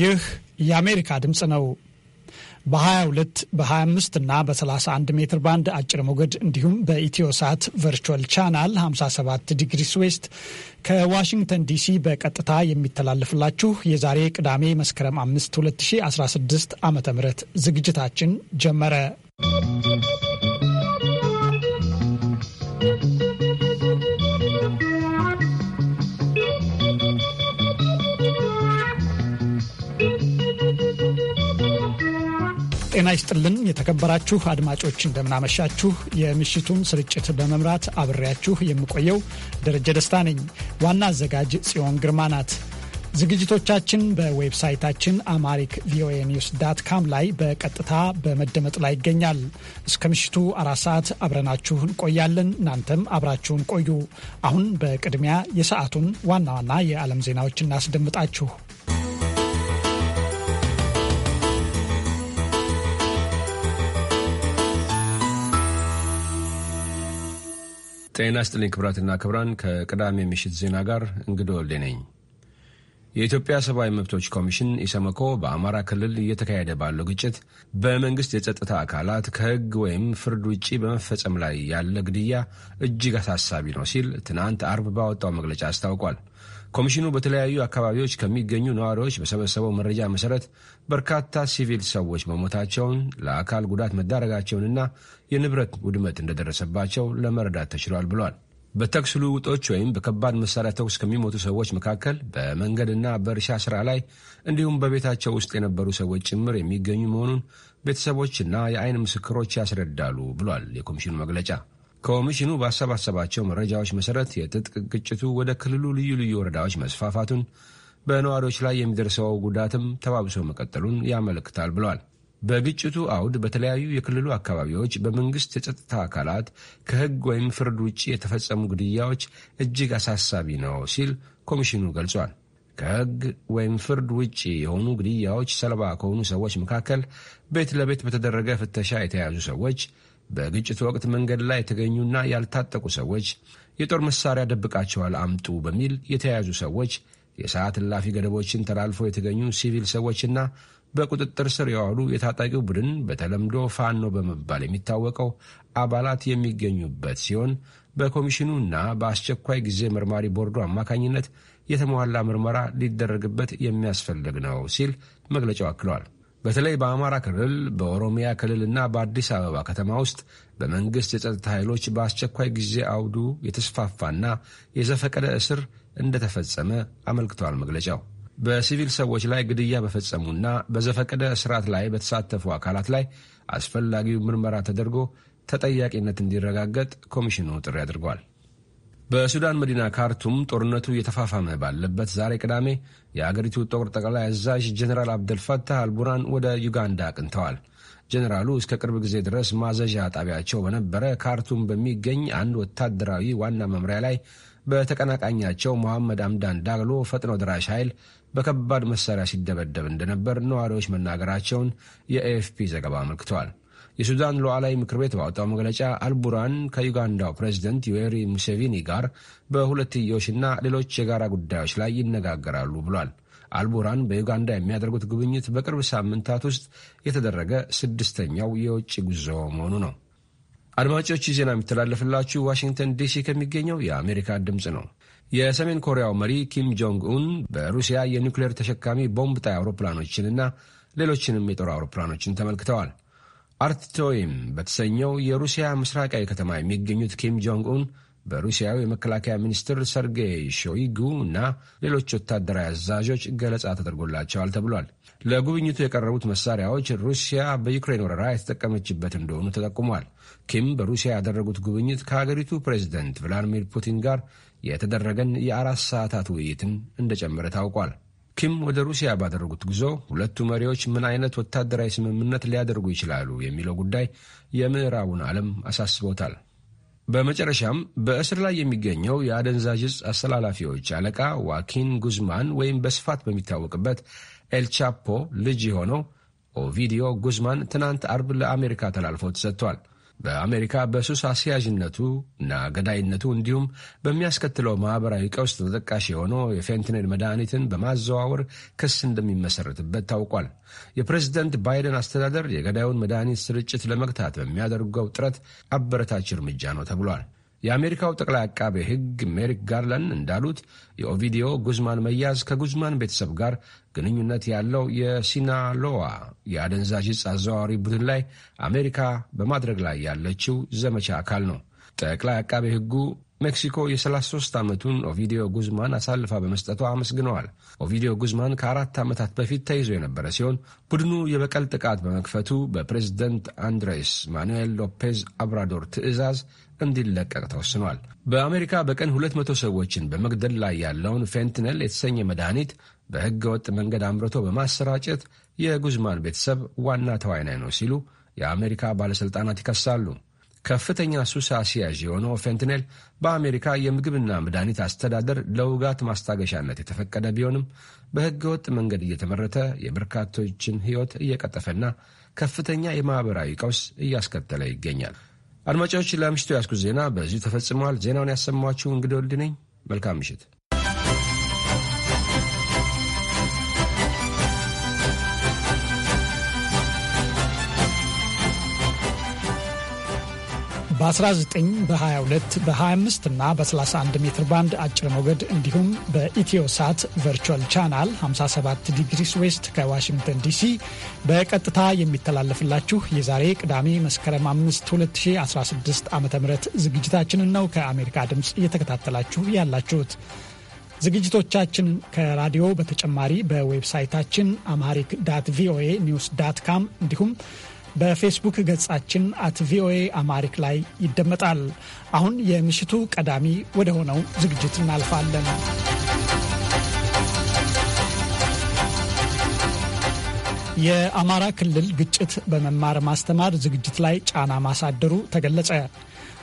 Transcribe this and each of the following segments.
ይህ የአሜሪካ ድምፅ ነው። በ22 በ25 እና በ31 ሜትር ባንድ አጭር ሞገድ እንዲሁም በኢትዮ ሳት ቨርቹዋል ቻናል 57 ዲግሪ ዌስት ከዋሽንግተን ዲሲ በቀጥታ የሚተላለፍላችሁ የዛሬ ቅዳሜ መስከረም 5 2016 ዓ ም ዝግጅታችን ጀመረ። ጤና ይስጥልን የተከበራችሁ አድማጮች እንደምናመሻችሁ። የምሽቱን ስርጭት በመምራት አብሬያችሁ የምቆየው ደረጀ ደስታ ነኝ። ዋና አዘጋጅ ጽዮን ግርማ ናት። ዝግጅቶቻችን በዌብሳይታችን አማሪክ ቪኦኤ ኒውስ ዳት ካም ላይ በቀጥታ በመደመጥ ላይ ይገኛል። እስከ ምሽቱ አራት ሰዓት አብረናችሁ እንቆያለን። እናንተም አብራችሁን ቆዩ። አሁን በቅድሚያ የሰዓቱን ዋና ዋና የዓለም ዜናዎች እናስደምጣችሁ። ጤና ስጥልኝ ክብራትና ክብራን ከቅዳሜ ምሽት ዜና ጋር እንግዶ ወልዴ ነኝ። የኢትዮጵያ ሰብአዊ መብቶች ኮሚሽን ኢሰመኮ በአማራ ክልል እየተካሄደ ባለው ግጭት በመንግስት የጸጥታ አካላት ከህግ ወይም ፍርድ ውጪ በመፈጸም ላይ ያለ ግድያ እጅግ አሳሳቢ ነው ሲል ትናንት አርብ ባወጣው መግለጫ አስታውቋል። ኮሚሽኑ በተለያዩ አካባቢዎች ከሚገኙ ነዋሪዎች በሰበሰበው መረጃ መሰረት በርካታ ሲቪል ሰዎች መሞታቸውን፣ ለአካል ጉዳት መዳረጋቸውንና የንብረት ውድመት እንደደረሰባቸው ለመረዳት ተችሏል ብሏል። በተኩስ ልውጦች ወይም በከባድ መሳሪያ ተኩስ ከሚሞቱ ሰዎች መካከል በመንገድና በእርሻ ስራ ላይ እንዲሁም በቤታቸው ውስጥ የነበሩ ሰዎች ጭምር የሚገኙ መሆኑን ቤተሰቦችና የአይን ምስክሮች ያስረዳሉ ብሏል የኮሚሽኑ መግለጫ። ኮሚሽኑ ባሰባሰባቸው መረጃዎች መሠረት የትጥቅ ግጭቱ ወደ ክልሉ ልዩ ልዩ ወረዳዎች መስፋፋቱን በነዋሪዎች ላይ የሚደርሰው ጉዳትም ተባብሶ መቀጠሉን ያመለክታል ብለዋል። በግጭቱ አውድ በተለያዩ የክልሉ አካባቢዎች በመንግስት የጸጥታ አካላት ከህግ ወይም ፍርድ ውጭ የተፈጸሙ ግድያዎች እጅግ አሳሳቢ ነው ሲል ኮሚሽኑ ገልጿል። ከህግ ወይም ፍርድ ውጭ የሆኑ ግድያዎች ሰለባ ከሆኑ ሰዎች መካከል ቤት ለቤት በተደረገ ፍተሻ የተያዙ ሰዎች፣ በግጭት ወቅት መንገድ ላይ የተገኙና ያልታጠቁ ሰዎች የጦር መሳሪያ ደብቃቸዋል አምጡ በሚል የተያዙ ሰዎች፣ የሰዓት እላፊ ገደቦችን ተላልፎ የተገኙ ሲቪል ሰዎችና በቁጥጥር ስር የዋሉ የታጣቂው ቡድን በተለምዶ ፋኖ በመባል የሚታወቀው አባላት የሚገኙበት ሲሆን በኮሚሽኑ እና በአስቸኳይ ጊዜ መርማሪ ቦርዱ አማካኝነት የተሟላ ምርመራ ሊደረግበት የሚያስፈልግ ነው ሲል መግለጫው አክለዋል። በተለይ በአማራ ክልል በኦሮሚያ ክልልና በአዲስ አበባ ከተማ ውስጥ በመንግሥት የጸጥታ ኃይሎች በአስቸኳይ ጊዜ አውዱ የተስፋፋና የዘፈቀደ እስር እንደተፈጸመ አመልክቷል መግለጫው። በሲቪል ሰዎች ላይ ግድያ በፈጸሙና በዘፈቀደ እስራት ላይ በተሳተፉ አካላት ላይ አስፈላጊው ምርመራ ተደርጎ ተጠያቂነት እንዲረጋገጥ ኮሚሽኑ ጥሪ አድርጓል። በሱዳን መዲና ካርቱም ጦርነቱ እየተፋፋመ ባለበት ዛሬ ቅዳሜ የአገሪቱ ጦር ጠቅላይ አዛዥ ጀኔራል አብደልፈታህ አልቡራን ወደ ዩጋንዳ አቅንተዋል። ጀኔራሉ እስከ ቅርብ ጊዜ ድረስ ማዘዣ ጣቢያቸው በነበረ ካርቱም በሚገኝ አንድ ወታደራዊ ዋና መምሪያ ላይ በተቀናቃኛቸው መሐመድ አምዳን ዳግሎ ፈጥኖ ደራሽ ኃይል በከባድ መሳሪያ ሲደበደብ እንደነበር ነዋሪዎች መናገራቸውን የኤኤፍፒ ዘገባ አመልክተዋል። የሱዳን ሉዓላዊ ምክር ቤት ባወጣው መግለጫ አልቡራን ከዩጋንዳው ፕሬዚደንት ዩዌሪ ሙሴቪኒ ጋር በሁለትዮሽና ሌሎች የጋራ ጉዳዮች ላይ ይነጋገራሉ ብሏል። አልቡራን በዩጋንዳ የሚያደርጉት ጉብኝት በቅርብ ሳምንታት ውስጥ የተደረገ ስድስተኛው የውጭ ጉዞ መሆኑ ነው። አድማጮች ዜና የሚተላለፍላችሁ ዋሽንግተን ዲሲ ከሚገኘው የአሜሪካ ድምፅ ነው። የሰሜን ኮሪያው መሪ ኪም ጆንግ ኡን በሩሲያ የኒውክሌር ተሸካሚ ቦምብ ጣይ አውሮፕላኖችንና ሌሎችንም የጦር አውሮፕላኖችን ተመልክተዋል። አርትቶይም በተሰኘው የሩሲያ ምስራቃዊ ከተማ የሚገኙት ኪም ጆንግ ኡን በሩሲያው የመከላከያ ሚኒስትር ሰርጌይ ሾይጉ እና ሌሎች ወታደራዊ አዛዦች ገለጻ ተደርጎላቸዋል ተብሏል። ለጉብኝቱ የቀረቡት መሳሪያዎች ሩሲያ በዩክሬን ወረራ የተጠቀመችበት እንደሆኑ ተጠቁሟል። ኪም በሩሲያ ያደረጉት ጉብኝት ከሀገሪቱ ፕሬዚደንት ቭላዲሚር ፑቲን ጋር የተደረገን የአራት ሰዓታት ውይይትን እንደጨመረ ታውቋል። ኪም ወደ ሩሲያ ባደረጉት ጉዞ ሁለቱ መሪዎች ምን አይነት ወታደራዊ ስምምነት ሊያደርጉ ይችላሉ የሚለው ጉዳይ የምዕራቡን ዓለም አሳስቦታል። በመጨረሻም በእስር ላይ የሚገኘው የአደንዛዥ ዕፅ አስተላላፊዎች አለቃ ዋኪን ጉዝማን ወይም በስፋት በሚታወቅበት ኤልቻፖ ልጅ የሆነው ኦቪዲዮ ጉዝማን ትናንት አርብ ለአሜሪካ ተላልፎ ተሰጥቷል። በአሜሪካ በሱስ አስያዥነቱ እና ገዳይነቱ እንዲሁም በሚያስከትለው ማኅበራዊ ቀውስ ተጠቃሽ የሆነው የፌንትኔል መድኃኒትን በማዘዋወር ክስ እንደሚመሠረትበት ታውቋል። የፕሬዝደንት ባይደን አስተዳደር የገዳዩን መድኃኒት ስርጭት ለመግታት በሚያደርገው ጥረት አበረታች እርምጃ ነው ተብሏል። የአሜሪካው ጠቅላይ አቃቤ ሕግ ሜሪክ ጋርላንድ እንዳሉት የኦቪዲዮ ጉዝማን መያዝ ከጉዝማን ቤተሰብ ጋር ግንኙነት ያለው የሲናሎዋ የአደንዛዥ ዕፅ አዘዋዋሪ ቡድን ላይ አሜሪካ በማድረግ ላይ ያለችው ዘመቻ አካል ነው። ጠቅላይ አቃቤ ሕጉ ሜክሲኮ የ33 ዓመቱን ኦቪዲዮ ጉዝማን አሳልፋ በመስጠቷ አመስግነዋል። ኦቪዲዮ ጉዝማን ከአራት ዓመታት በፊት ተይዞ የነበረ ሲሆን ቡድኑ የበቀል ጥቃት በመክፈቱ በፕሬዝደንት አንድሬስ ማኑኤል ሎፔዝ አብራዶር ትዕዛዝ እንዲለቀቅ ተወስኗል። በአሜሪካ በቀን 200 ሰዎችን በመግደል ላይ ያለውን ፌንትነል የተሰኘ መድኃኒት በሕገ ወጥ መንገድ አምርቶ በማሰራጨት የጉዝማን ቤተሰብ ዋና ተዋናይ ነው ሲሉ የአሜሪካ ባለሥልጣናት ይከሳሉ። ከፍተኛ ሱስ አስያዥ የሆነው ፌንትኔል በአሜሪካ የምግብና መድኃኒት አስተዳደር ለውጋት ማስታገሻነት የተፈቀደ ቢሆንም ወጥ መንገድ እየተመረተ የበርካቶችን ሕይወት እየቀጠፈና ከፍተኛ የማኅበራዊ ቀውስ እያስከተለ ይገኛል። አድማጮች፣ ለምሽቱ ያስኩት ዜና በዚሁ ተፈጽሟል። ዜናውን ያሰማችሁ እንግዲህ ወልድ ነኝ። መልካም ምሽት። በ19 በ22 በ25 እና በ31 ሜትር ባንድ አጭር ሞገድ እንዲሁም በኢትዮሳት ቨርቹዋል ቻናል 57 ዲግሪስ ዌስት ከዋሽንግተን ዲሲ በቀጥታ የሚተላለፍላችሁ የዛሬ ቅዳሜ መስከረም 5 2016 ዓ ም ዝግጅታችንን ነው ከአሜሪካ ድምፅ እየተከታተላችሁ ያላችሁት። ዝግጅቶቻችን ከራዲዮ በተጨማሪ በዌብሳይታችን አምሃሪክ ዳት ቪኦኤ ኒውስ ዳት ካም እንዲሁም በፌስቡክ ገጻችን አት ቪኦኤ አማሪክ ላይ ይደመጣል። አሁን የምሽቱ ቀዳሚ ወደ ሆነው ዝግጅት እናልፋለን። የአማራ ክልል ግጭት በመማር ማስተማር ዝግጅት ላይ ጫና ማሳደሩ ተገለጸ።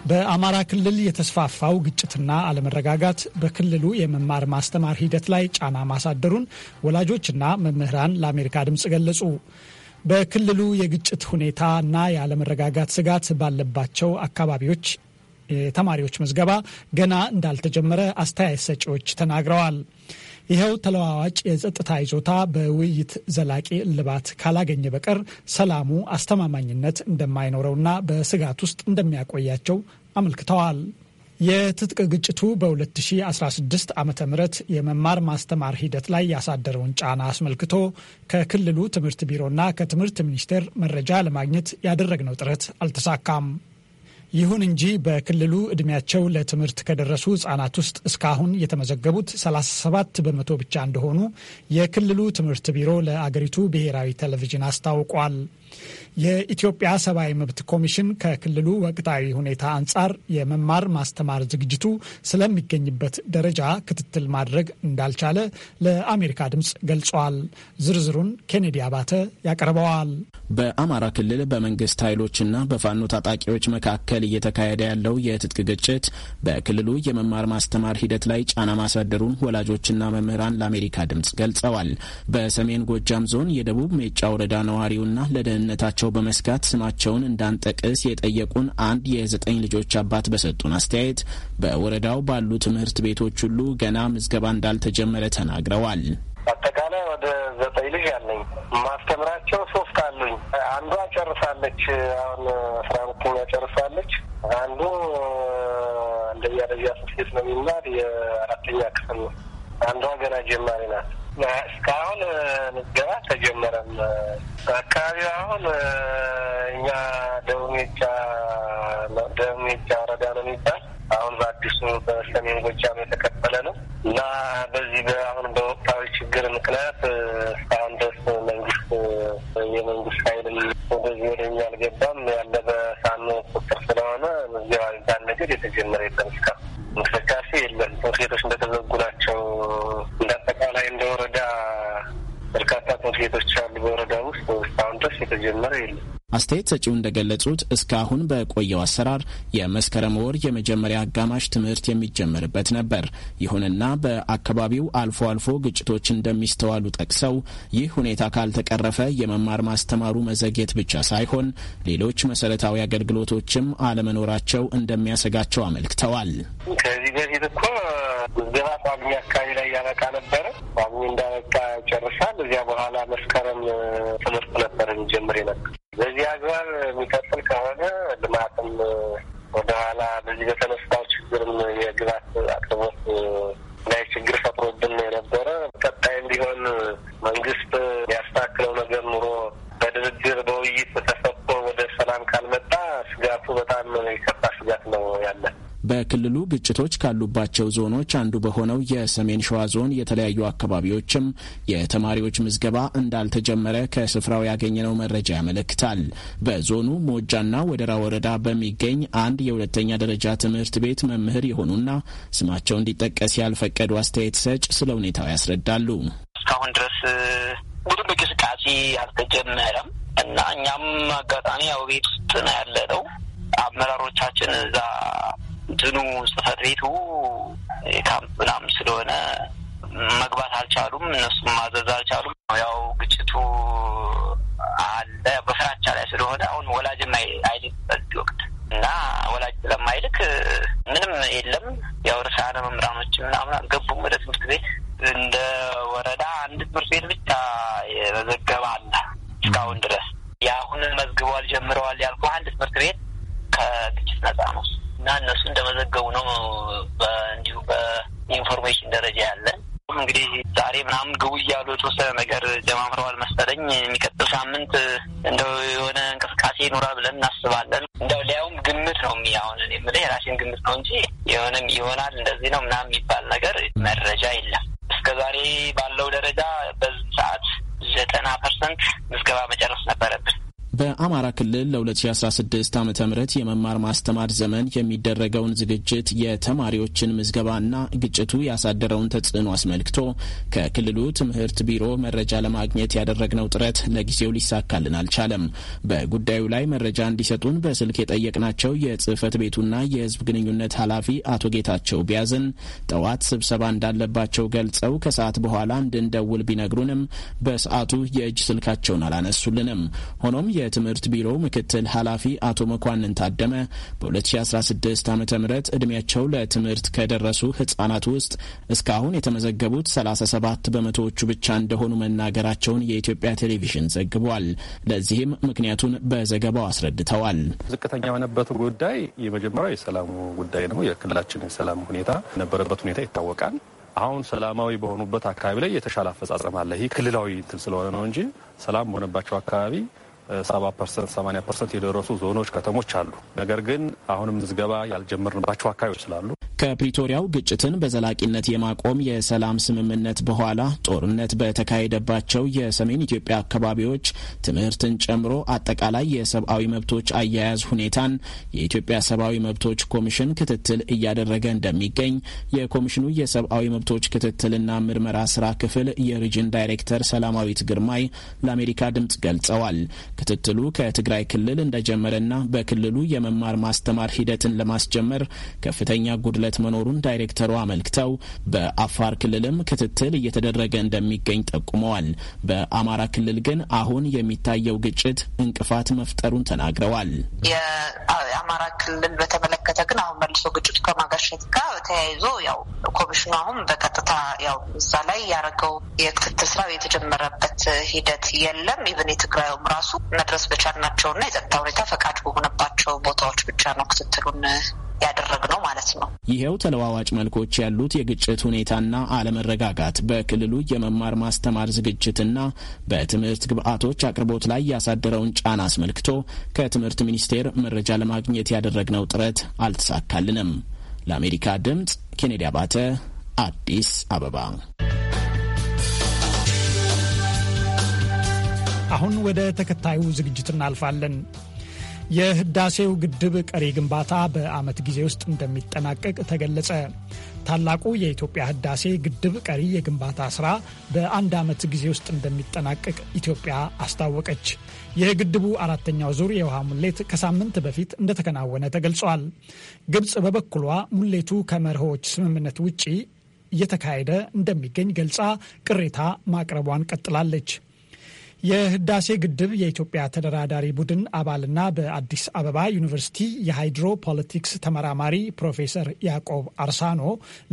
በአማራ ክልል የተስፋፋው ግጭትና አለመረጋጋት በክልሉ የመማር ማስተማር ሂደት ላይ ጫና ማሳደሩን ወላጆችና መምህራን ለአሜሪካ ድምፅ ገለጹ። በክልሉ የግጭት ሁኔታ እና ያለመረጋጋት ስጋት ባለባቸው አካባቢዎች የተማሪዎች ምዝገባ ገና እንዳልተጀመረ አስተያየት ሰጪዎች ተናግረዋል። ይኸው ተለዋዋጭ የጸጥታ ይዞታ በውይይት ዘላቂ እልባት ካላገኘ በቀር ሰላሙ አስተማማኝነት እንደማይኖረውና በስጋት ውስጥ እንደሚያቆያቸው አመልክተዋል። የትጥቅ ግጭቱ በ2016 ዓ ም የመማር ማስተማር ሂደት ላይ ያሳደረውን ጫና አስመልክቶ ከክልሉ ትምህርት ቢሮና ከትምህርት ሚኒስቴር መረጃ ለማግኘት ያደረግነው ጥረት አልተሳካም። ይሁን እንጂ በክልሉ ዕድሜያቸው ለትምህርት ከደረሱ ህጻናት ውስጥ እስካሁን የተመዘገቡት 37 በመቶ ብቻ እንደሆኑ የክልሉ ትምህርት ቢሮ ለአገሪቱ ብሔራዊ ቴሌቪዥን አስታውቋል። የኢትዮጵያ ሰብአዊ መብት ኮሚሽን ከክልሉ ወቅታዊ ሁኔታ አንጻር የመማር ማስተማር ዝግጅቱ ስለሚገኝበት ደረጃ ክትትል ማድረግ እንዳልቻለ ለአሜሪካ ድምፅ ገልጿል። ዝርዝሩን ኬኔዲ አባተ ያቀርበዋል። በአማራ ክልል በመንግስት ኃይሎችና በፋኖ ታጣቂዎች መካከል እየተካሄደ ያለው የትጥቅ ግጭት በክልሉ የመማር ማስተማር ሂደት ላይ ጫና ማሳደሩን ወላጆችና መምህራን ለአሜሪካ ድምፅ ገልጸዋል። በሰሜን ጎጃም ዞን የደቡብ ሜጫ ወረዳ ነዋሪውና ለደህን ለደህንነታቸው በመስጋት ስማቸውን እንዳንጠቅስ የጠየቁን አንድ የዘጠኝ ልጆች አባት በሰጡን አስተያየት በወረዳው ባሉ ትምህርት ቤቶች ሁሉ ገና ምዝገባ እንዳልተጀመረ ተናግረዋል። አጠቃላይ ወደ ዘጠኝ ልጅ አለኝ። ማስተምራቸው ሶስት አሉኝ። አንዷ ጨርሳለች፣ አሁን አስራ ሁለተኛ ጨርሳለች። አንዱ አንደኛ ደረጃ ትምህርት ነው የሚማር፣ የአራተኛ ክፍል ነው። አንዷ ገና ጀማሪ ናት። እስካሁን ምዝገባ ተጀመረም። አካባቢው አሁን እኛ ደቡብ ሜጫ ደቡብ ሜጫ ወረዳ ነው የሚባል አሁን በአዲሱ በሰሜን ጎጃም የተከፈለ ነው እና በዚህ በአሁን በ አስተያየት ሰጪው እንደገለጹት እስካሁን በቆየው አሰራር የመስከረም ወር የመጀመሪያ አጋማሽ ትምህርት የሚጀመርበት ነበር። ይሁንና በአካባቢው አልፎ አልፎ ግጭቶች እንደሚስተዋሉ ጠቅሰው ይህ ሁኔታ ካልተቀረፈ የመማር ማስተማሩ መዘግየት ብቻ ሳይሆን ሌሎች መሰረታዊ አገልግሎቶችም አለመኖራቸው እንደሚያሰጋቸው አመልክተዋል። ከዚህ በፊት እኮ ምዝገባ ቋሚ አካባቢ ላይ ያበቃ ነበረ። ቋሚ እንዳበቃ ጨርሳል። እዚያ በኋላ መስከረም ትምህርት ነበር እንጀምር ነበር በዚህ አግባብ የሚቀጥል ከሆነ ልማትም ወደኋላ በዚህ በተነስታው ችግርም የግባት አቅርቦት ላይ ችግር ፈጥሮብን የነበረ ቀጣይ እንዲሆን መንግስት በክልሉ ግጭቶች ካሉባቸው ዞኖች አንዱ በሆነው የሰሜን ሸዋ ዞን የተለያዩ አካባቢዎችም የተማሪዎች ምዝገባ እንዳልተጀመረ ከስፍራው ያገኘነው መረጃ ያመለክታል። በዞኑ ሞጃና ወደራ ወረዳ በሚገኝ አንድ የሁለተኛ ደረጃ ትምህርት ቤት መምህር የሆኑና ስማቸው እንዲጠቀስ ያልፈቀዱ አስተያየት ሰጭ ስለ ሁኔታው ያስረዳሉ። እስካሁን ድረስ ምንም እንቅስቃሴ አልተጀመረም እና እኛም አጋጣሚ ያው ቤት ውስጥ ነው ያለነው። አመራሮቻችን እዛ እንትኑ ጽህፈት ቤቱ ካምፕ ምናምን ስለሆነ መግባት አልቻሉም። እነሱም ማዘዝ አልቻሉም። ያው ግጭቱ አለ በፍራቻ ላይ ስለሆነ አሁን ወላጅም አይልክ በዚህ ወቅት እና ወላጅ ስለማይልክ ምንም የለም። ያው ርዕሳነ መምህራኖች ምናምን አልገቡም ወደ ትምህርት ቤት። እንደ ወረዳ አንድ ትምህርት ቤት ብቻ የመዘገበ አለ እስካሁን ድረስ። የአሁንን መዝግበዋል ጀምረዋል ያልኩ አንድ ትምህርት ቤት ከግጭት ነጻ ነው እና እነሱ የተወሰነ ነገር ጀማምረዋል መሰለኝ። የሚቀጥል ሳምንት እንደው የሆነ እንቅስቃሴ ይኖራል ብለን እናስባለን። እንደው ሊያውም ግምት ነው የሚ አሁን የምልህ የራሴን ግምት ነው እንጂ የሆነም ይሆናል እንደዚህ ነው ምናምን ይባላል ክልል ለ2016 ዓ ም የመማር ማስተማር ዘመን የሚደረገውን ዝግጅት፣ የተማሪዎችን ምዝገባና ግጭቱ ያሳደረውን ተጽዕኖ አስመልክቶ ከክልሉ ትምህርት ቢሮ መረጃ ለማግኘት ያደረግነው ጥረት ለጊዜው ሊሳካልን አልቻለም። በጉዳዩ ላይ መረጃ እንዲሰጡን በስልክ የጠየቅናቸው የጽህፈት ቤቱና የህዝብ ግንኙነት ኃላፊ አቶ ጌታቸው ቢያዝን ጠዋት ስብሰባ እንዳለባቸው ገልጸው ከሰዓት በኋላ እንድንደውል ቢነግሩንም በሰዓቱ የእጅ ስልካቸውን አላነሱልንም። ሆኖም የትምህርት ቢሮው ምክትል ኃላፊ አቶ መኳንን ታደመ በ2016 ዓ ም ዕድሜያቸው ለትምህርት ከደረሱ ህጻናት ውስጥ እስካሁን የተመዘገቡት 37 በመቶዎቹ ብቻ እንደሆኑ መናገራቸውን የኢትዮጵያ ቴሌቪዥን ዘግቧል። ለዚህም ምክንያቱን በዘገባው አስረድተዋል። ዝቅተኛ የሆነበት ጉዳይ የመጀመሪያው የሰላሙ ጉዳይ ነው። የክልላችን የሰላም ሁኔታ የነበረበት ሁኔታ ይታወቃል። አሁን ሰላማዊ በሆኑበት አካባቢ ላይ የተሻለ አፈጻጸም አለ። ይህ ክልላዊ እንትን ስለሆነ ነው እንጂ ሰላም በሆነባቸው አካባቢ ሰባ ፐርሰንት ሰማኒያ ፐርሰንት የደረሱ ዞኖች ከተሞች አሉ። ነገር ግን አሁንም ምዝገባ ያልጀመርንባቸው አካባቢዎች ስላሉ ከፕሪቶሪያው ግጭትን በዘላቂነት የማቆም የሰላም ስምምነት በኋላ ጦርነት በተካሄደባቸው የሰሜን ኢትዮጵያ አካባቢዎች ትምህርትን ጨምሮ አጠቃላይ የሰብአዊ መብቶች አያያዝ ሁኔታን የኢትዮጵያ ሰብአዊ መብቶች ኮሚሽን ክትትል እያደረገ እንደሚገኝ የኮሚሽኑ የሰብአዊ መብቶች ክትትልና ምርመራ ስራ ክፍል የሪጅን ዳይሬክተር ሰላማዊት ግርማይ ለአሜሪካ ድምጽ ገልጸዋል። ክትትሉ ከትግራይ ክልል እንደጀመረና በክልሉ የመማር ማስተማር ሂደትን ለማስጀመር ከፍተኛ ጉድለ ጉድለት መኖሩን ዳይሬክተሩ አመልክተው በአፋር ክልልም ክትትል እየተደረገ እንደሚገኝ ጠቁመዋል። በአማራ ክልል ግን አሁን የሚታየው ግጭት እንቅፋት መፍጠሩን ተናግረዋል። የአማራ ክልል በተመለከተ ግን አሁን መልሶ ግጭቱ ከማጋሸት ጋር ተያይዞ ያው ኮሚሽኑ አሁን በቀጥታ ያው እዛ ላይ ያደረገው የክትትል ስራ የተጀመረበት ሂደት የለም። ኢቨን የትግራዩም ራሱ መድረስ በቻልናቸውና የጸጥታ ሁኔታ ፈቃድ በሆነባቸው ቦታዎች ብቻ ነው ክትትሉን ያደረግነው ማለት ነው። ይኸው ተለዋዋጭ መልኮች ያሉት የግጭት ሁኔታና አለመረጋጋት በክልሉ የመማር ማስተማር ዝግጅትና በትምህርት ግብዓቶች አቅርቦት ላይ ያሳደረውን ጫና አስመልክቶ ከትምህርት ሚኒስቴር መረጃ ለማግኘት ያደረግነው ጥረት አልተሳካልንም። ለአሜሪካ ድምፅ ኬኔዲ አባተ አዲስ አበባ። አሁን ወደ ተከታዩ ዝግጅት እናልፋለን። የህዳሴው ግድብ ቀሪ ግንባታ በዓመት ጊዜ ውስጥ እንደሚጠናቀቅ ተገለጸ። ታላቁ የኢትዮጵያ ህዳሴ ግድብ ቀሪ የግንባታ ስራ በአንድ ዓመት ጊዜ ውስጥ እንደሚጠናቀቅ ኢትዮጵያ አስታወቀች። የግድቡ አራተኛው ዙር የውሃ ሙሌት ከሳምንት በፊት እንደተከናወነ ተገልጿል። ግብፅ በበኩሏ ሙሌቱ ከመርሆዎች ስምምነት ውጪ እየተካሄደ እንደሚገኝ ገልጻ ቅሬታ ማቅረቧን ቀጥላለች። የህዳሴ ግድብ የኢትዮጵያ ተደራዳሪ ቡድን አባልና በአዲስ አበባ ዩኒቨርሲቲ የሃይድሮ ፖለቲክስ ተመራማሪ ፕሮፌሰር ያዕቆብ አርሳኖ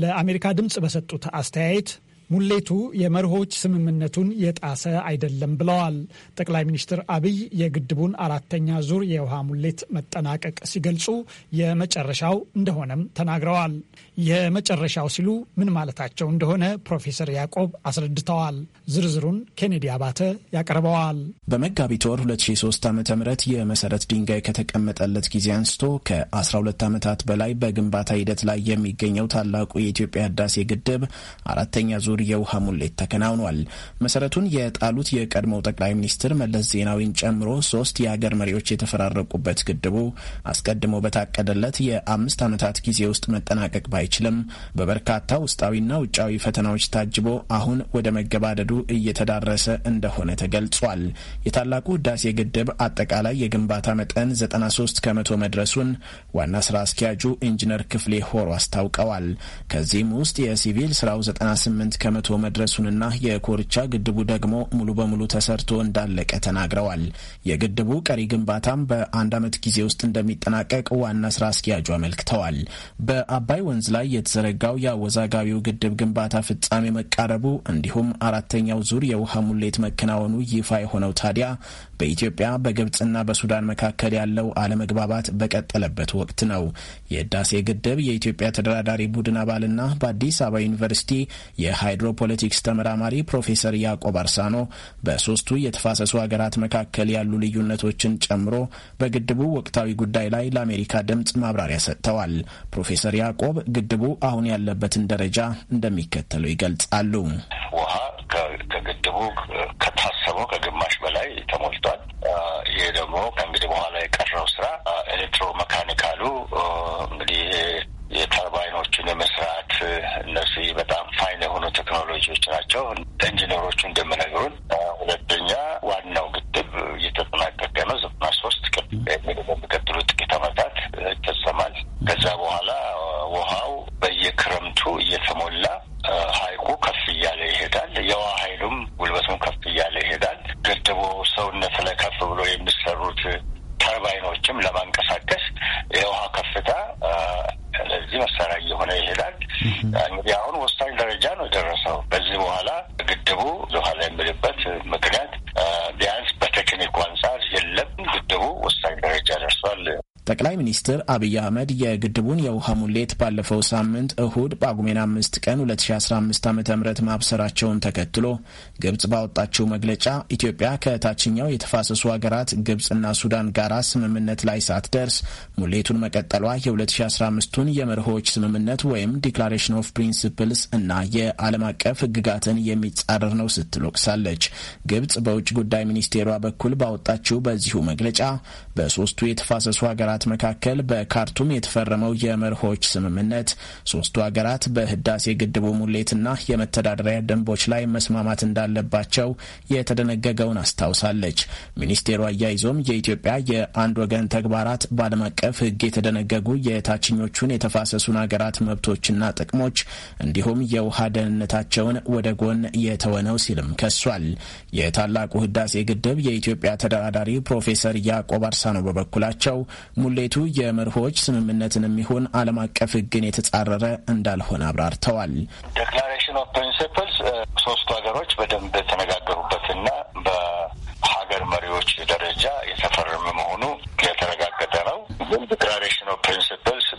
ለአሜሪካ ድምፅ በሰጡት አስተያየት ሙሌቱ የመርሆች ስምምነቱን የጣሰ አይደለም ብለዋል። ጠቅላይ ሚኒስትር አብይ የግድቡን አራተኛ ዙር የውሃ ሙሌት መጠናቀቅ ሲገልጹ የመጨረሻው እንደሆነም ተናግረዋል። የመጨረሻው ሲሉ ምን ማለታቸው እንደሆነ ፕሮፌሰር ያዕቆብ አስረድተዋል። ዝርዝሩን ኬኔዲ አባተ ያቀርበዋል። በመጋቢት ወር 2003 ዓ ም የመሰረት ድንጋይ ከተቀመጠለት ጊዜ አንስቶ ከ12 ዓመታት በላይ በግንባታ ሂደት ላይ የሚገኘው ታላቁ የኢትዮጵያ ህዳሴ ግድብ አራተኛ ዙር የውሃ ሙሌት ተከናውኗል። መሰረቱን የጣሉት የቀድሞው ጠቅላይ ሚኒስትር መለስ ዜናዊን ጨምሮ ሶስት የአገር መሪዎች የተፈራረቁበት ግድቡ አስቀድሞ በታቀደለት የአምስት ዓመታት ጊዜ ውስጥ መጠናቀቅ ባይችልም በበርካታ ውስጣዊና ውጫዊ ፈተናዎች ታጅቦ አሁን ወደ መገባደዱ እየተዳረሰ እንደሆነ ተገልጿል። የታላቁ ህዳሴ ግድብ አጠቃላይ የግንባታ መጠን 93 ከመቶ መድረሱን ዋና ስራ አስኪያጁ ኢንጂነር ክፍሌ ሆሮ አስታውቀዋል። ከዚህም ውስጥ የሲቪል ስራው 98 ከመቶ መድረሱንና የኮርቻ ግድቡ ደግሞ ሙሉ በሙሉ ተሰርቶ እንዳለቀ ተናግረዋል። የግድቡ ቀሪ ግንባታም በአንድ ዓመት ጊዜ ውስጥ እንደሚጠናቀቅ ዋና ስራ አስኪያጁ አመልክተዋል። በአባይ ወንዝ ላይ የተዘረጋው የአወዛጋቢው ግድብ ግንባታ ፍጻሜ መቃረቡ እንዲሁም አራተኛው ዙር የውሃ ሙሌት መከናወኑ ይፋ የሆነው ታዲያ በኢትዮጵያ በግብፅና በሱዳን መካከል ያለው አለመግባባት በቀጠለበት ወቅት ነው። የህዳሴ ግድብ የኢትዮጵያ ተደራዳሪ ቡድን አባልና በአዲስ አበባ ዩኒቨርሲቲ የሀ የሃይድሮፖለቲክስ ተመራማሪ ፕሮፌሰር ያዕቆብ አርሳኖ በሶስቱ የተፋሰሱ ሀገራት መካከል ያሉ ልዩነቶችን ጨምሮ በግድቡ ወቅታዊ ጉዳይ ላይ ለአሜሪካ ድምፅ ማብራሪያ ሰጥተዋል። ፕሮፌሰር ያዕቆብ ግድቡ አሁን ያለበትን ደረጃ እንደሚከተለው ይገልጻሉ። ውሃ ከግድቡ ከታሰበው ከግማሽ በላይ ተሞልቷል። ይሄ ደግሞ ከእንግዲህ በኋላ የቀረው ስራ ተጠያቂዎች ናቸው። ኢንጂነሮቹ እንደምነግሩን ሁለት ሚኒስትር አብይ አህመድ የግድቡን የውሃ ሙሌት ባለፈው ሳምንት እሁድ ጳጉሜን አምስት ቀን 2015 ዓ ም ማብሰራቸውን ተከትሎ ግብጽ ባወጣችው መግለጫ ኢትዮጵያ ከታችኛው የተፋሰሱ ሀገራት ግብጽና ሱዳን ጋር ስምምነት ላይ ሳትደርስ ሙሌቱን መቀጠሏ የ2015ቱን የመርሆች ስምምነት ወይም ዲክላሬሽን ኦፍ ፕሪንስፕልስ እና የዓለም አቀፍ ህግጋትን የሚጻረር ነው ስትል ወቅሳለች። ግብጽ በውጭ ጉዳይ ሚኒስቴሯ በኩል ባወጣችው በዚሁ መግለጫ በሶስቱ የተፋሰሱ ሀገራት መካከል መካከል በካርቱም የተፈረመው የመርሆች ስምምነት ሶስቱ ሀገራት በህዳሴ ግድቡ ሙሌትና የመተዳደሪያ ደንቦች ላይ መስማማት እንዳለባቸው የተደነገገውን አስታውሳለች። ሚኒስቴሩ አያይዞም የኢትዮጵያ የአንድ ወገን ተግባራት በዓለም አቀፍ ህግ የተደነገጉ የታችኞቹን የተፋሰሱን ሀገራት መብቶችና ጥቅሞች እንዲሁም የውሃ ደህንነታቸውን ወደ ጎን የተወነው ሲልም ከሷል። የታላቁ ህዳሴ ግድብ የኢትዮጵያ ተደራዳሪ ፕሮፌሰር ያዕቆብ አርሳኖ በበኩላቸው ሙሌቱ የመርሆች ስምምነትን የሚሆን ዓለም አቀፍ ሕግን የተጻረረ እንዳልሆነ አብራርተዋል። ዴክላሬሽን ኦፍ ፕሪንስፕልስ ሶስቱ ሀገሮች በደንብ የተነጋገሩበትና በሀገር መሪዎች ደረጃ የተፈረመ መሆኑ የተረጋገጠ ነው። ግን ዴክላሬሽን ኦፍ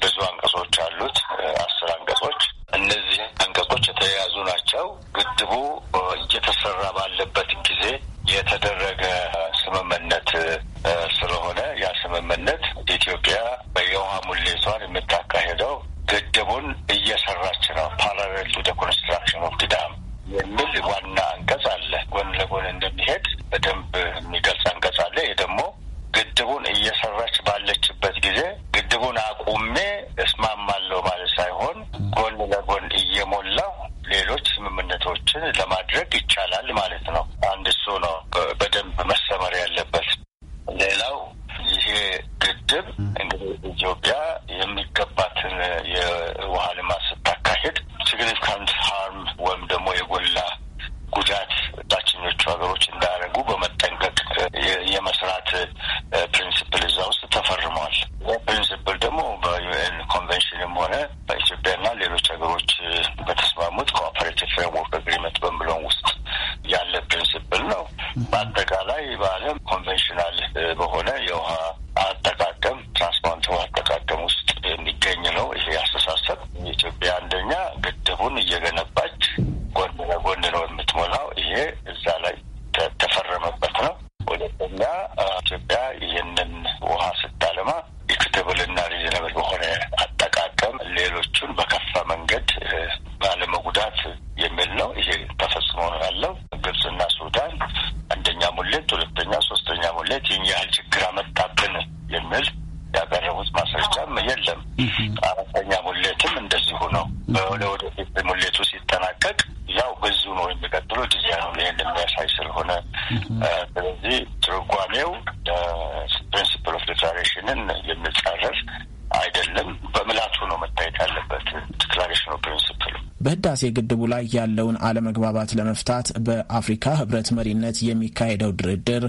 ብዙ አንቀጾች አሉት፣ uh, አስር አንቀጾች። እነዚህ አንቀጾች የተያያዙ ናቸው። ግድቡ uh, እየተሰራ ባለበት ጊዜ የተደረገ ስምምነት วัน እሱን በከፋ መንገድ በህዳሴ ግድቡ ላይ ያለውን አለመግባባት ለመፍታት በአፍሪካ ህብረት መሪነት የሚካሄደው ድርድር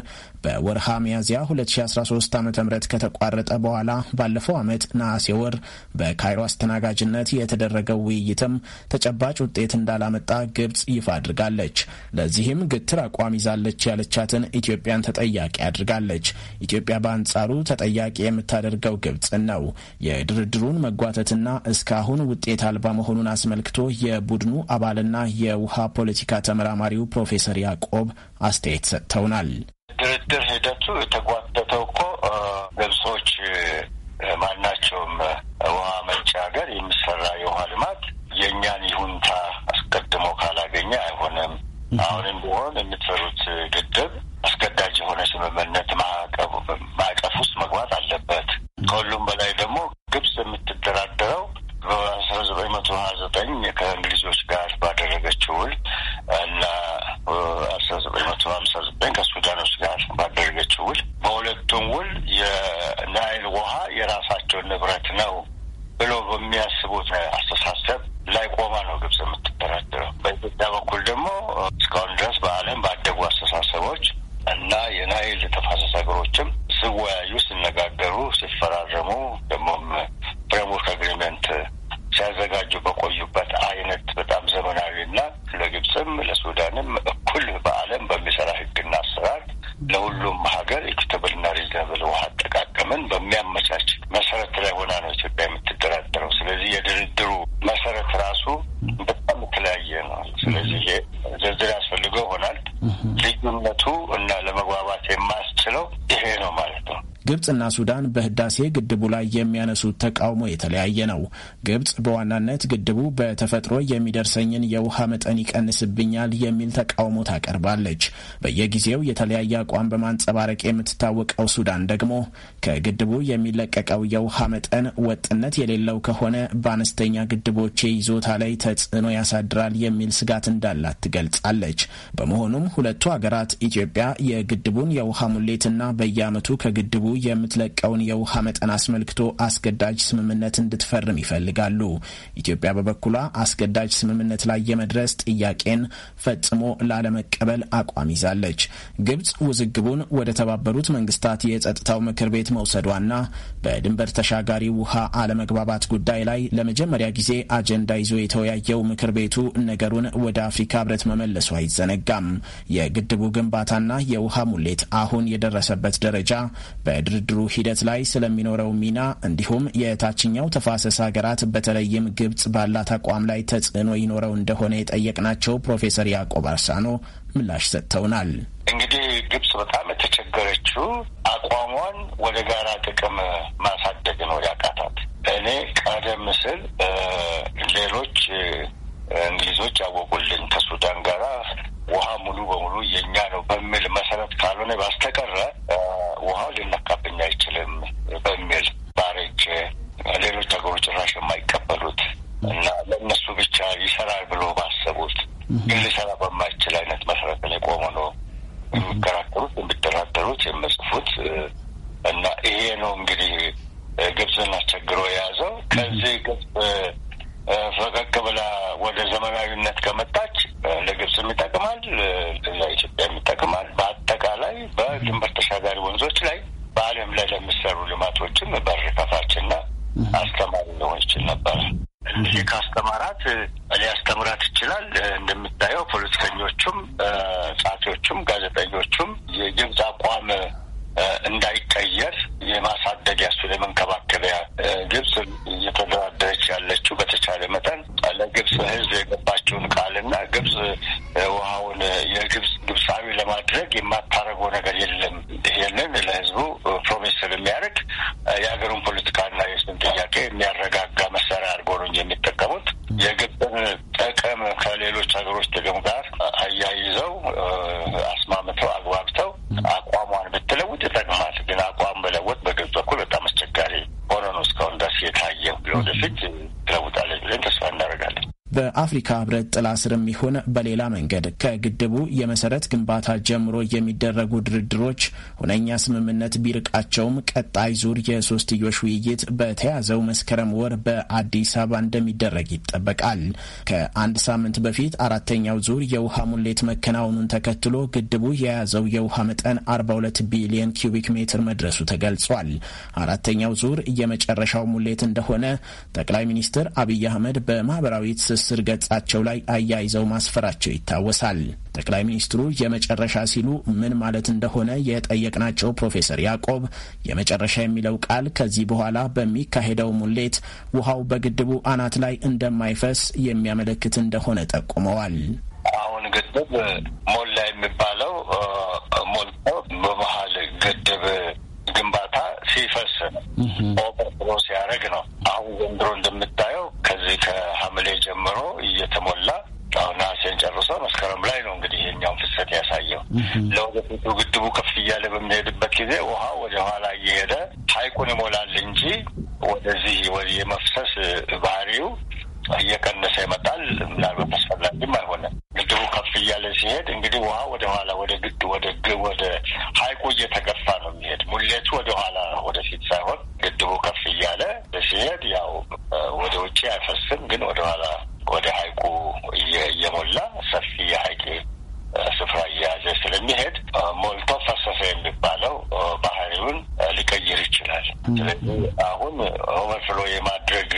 በወርሃ ሚያዝያ 2013 ዓ ም ከተቋረጠ በኋላ ባለፈው ዓመት ነሐሴ ወር በካይሮ አስተናጋጅነት የተደረገው ውይይትም ተጨባጭ ውጤት እንዳላመጣ ግብጽ ይፋ አድርጋለች። ለዚህም ግትር አቋም ይዛለች ያለቻትን ኢትዮጵያን ተጠያቂ አድርጋለች። ኢትዮጵያ በአንጻሩ ተጠያቂ የምታደርገው ግብጽን ነው። የድርድሩን መጓተትና እስካሁን ውጤት አልባ መሆኑን አስመልክቶ የቡድኑ አባልና የውሃ ፖለቲካ ተመራማሪው ፕሮፌሰር ያዕቆብ አስተያየት ሰጥተውናል። ድርድር ሂደቱ የተጓተተው እኮ ገብሶች ማናቸውም ውሃ መንጭ ሀገር የሚሰራ የውሃ ልማት የእኛን ይሁንታ አስቀድሞ ካላገኘ አይሆንም። አሁንም ቢሆን የምትሰሩት ግድብ አስገዳጅ የሆነ ስምምነት ማዕቀፍ ውስጥ መግባት አለበት። ከሁሉም በላይ ደግሞ ግብጽ የምትደራደረው በአስራ ዘጠኝ መቶ ሀያ ዘጠኝ ከእንግሊዞች ጋር ባደረገችው ውል እና አስራ ዘጠኝ መቶ ሀምሳ ዘጠኝ ከሱዳኖች ጋር ባደረገችው ውል በሁለቱም ውል የናይል ውሃ የራሳቸው ንብረት ነው ብሎ በሚያስቡት አስተሳሰብ ላይ ቆማ ነው ግብጽ የምትደራደረው። በኢትዮጵያ በኩል ደግሞ እስካሁን ድረስ በዓለም ባደጉ አስተሳሰቦች እና የናይል ተፋሰስ ሀገሮችም ግብፅና ሱዳን በህዳሴ ግድቡ ላይ የሚያነሱት ተቃውሞ የተለያየ ነው። ግብፅ በዋናነት ግድቡ በተፈጥሮ የሚደርሰኝን የውሃ መጠን ይቀንስብኛል የሚል ተቃውሞ ታቀርባለች። በየጊዜው የተለያየ አቋም በማንጸባረቅ የምትታወቀው ሱዳን ደግሞ ከግድቡ የሚለቀቀው የውሃ መጠን ወጥነት የሌለው ከሆነ በአነስተኛ ግድቦች ይዞታ ላይ ተጽዕኖ ያሳድራል የሚል ስጋት እንዳላት ትገልጻለች። በመሆኑም ሁለቱ ሀገራት ኢትዮጵያ የግድቡን የውሃ ሙሌትና በየዓመቱ ከግድቡ የምትለቀውን የውሃ መጠን አስመልክቶ አስገዳጅ ስምምነት እንድትፈርም ይፈልጋሉ። ኢትዮጵያ በበኩሏ አስገዳጅ ስምምነት ላይ የመድረስ ጥያቄን ፈጽሞ ላለመቀበል አቋም ይዛል አስታውቃለች። ግብጽ ውዝግቡን ወደ ተባበሩት መንግስታት የጸጥታው ምክር ቤት መውሰዷና በድንበር ተሻጋሪ ውሃ አለመግባባት ጉዳይ ላይ ለመጀመሪያ ጊዜ አጀንዳ ይዞ የተወያየው ምክር ቤቱ ነገሩን ወደ አፍሪካ ህብረት መመለሱ አይዘነጋም። የግድቡ ግንባታና የውሃ ሙሌት አሁን የደረሰበት ደረጃ፣ በድርድሩ ሂደት ላይ ስለሚኖረው ሚና እንዲሁም የታችኛው ተፋሰስ ሀገራት በተለይም ግብጽ ባላት አቋም ላይ ተጽዕኖ ይኖረው እንደሆነ የጠየቅናቸው ፕሮፌሰር ያዕቆብ አርሳኖ ምላሽ ሰጥተውናል። እንግዲህ ግብጽ በጣም የተቸገረችው አቋሟን ወደ ጋራ ጥቅም ማሳደግ ነው ያቃታት። እኔ ቀደም ሲል ሌሎች እንግሊዞች ያወቁልኝ ከሱዳን ጋራ ውሃ ሙሉ በሙሉ የኛ ነው በሚል መሰረት ካልሆነ ባስተቀረ ውሃው ሊነካብኝ አይችልም በሚል ባሬች ሌሎች ሀገሮች ጭራሽ የማይቀበሉት እና ለእነሱ ብቻ ይሰራል ብሎ ባሰቡት ግን ሊሰራ ህብረት ጥላ ስርም ይሁን በሌላ መንገድ ከግድቡ የመሰረት ግንባታ ጀምሮ የሚደረጉ ድርድሮች ሁነኛ ስምምነት ቢርቃቸውም ቀጣይ ዙር የሶስትዮሽ ውይይት በተያዘው መስከረም ወር በአዲስ አበባ እንደሚደረግ ይጠበቃል። ከአንድ ሳምንት በፊት አራተኛው ዙር የውሃ ሙሌት መከናወኑን ተከትሎ ግድቡ የያዘው የውሃ መጠን 42 ቢሊዮን ኪዩቢክ ሜትር መድረሱ ተገልጿል። አራተኛው ዙር የመጨረሻው ሙሌት እንደሆነ ጠቅላይ ሚኒስትር አብይ አህመድ በማህበራዊ ትስስር ገጻቸው ላይ አያይዘው ማስፈራቸው ይታወሳል። ጠቅላይ ሚኒስትሩ የመጨረሻ ሲሉ ምን ማለት እንደሆነ የጠየቅ የጠየቅናቸው ፕሮፌሰር ያዕቆብ የመጨረሻ የሚለው ቃል ከዚህ በኋላ በሚካሄደው ሙሌት ውሃው በግድቡ አናት ላይ እንደማይፈስ የሚያመለክት እንደሆነ ጠቁመዋል። አሁን ግድብ ሞላ የሚባለው ሞልቶ በመሀል ግድብ ግንባታ ሲፈስ ኦቨርፍሎ ሲያደርግ ነው። አሁን ዘንድሮ እንደምታየው ከዚህ ከሐምሌ ጀምሮ እየተሞላ ጨርሰው መስከረም ላይ ነው እንግዲህ የኛውን ፍሰት ያሳየው። ለወደፊቱ ግድቡ ከፍ እያለ በሚሄድበት ጊዜ ውሃ ወደ ኋላ እየሄደ ሀይቁን ይሞላል እንጂ ወደዚህ የመፍሰስ ባህሪው እየቀነሰ ይመጣል። ምናልባት አስፈላጊም አይሆንም። ግድቡ ከፍ እያለ ሲሄድ እንግዲህ ውሃ ወደ ኋላ ወደ ግድ ወደ ወደ ሀይቁ እየተገፋ ነው የሚሄድ። ሙሌቱ ወደ ኋላ ወደፊት ሳይሆን ግድቡ ከፍ እያለ ሲሄድ ያው ወደ ውጭ አይፈስም፣ ግን ወደ ኋላ ወደ ሀይቁ እየሞላ ሰፊ የሀይቅ ስፍራ እየያዘ ስለሚሄድ ሞልቶ ፈሰሰ የሚባለው እሱን ሊቀይር ይችላል። ስለዚህ አሁን ኦቨርፍሎ የማድረግ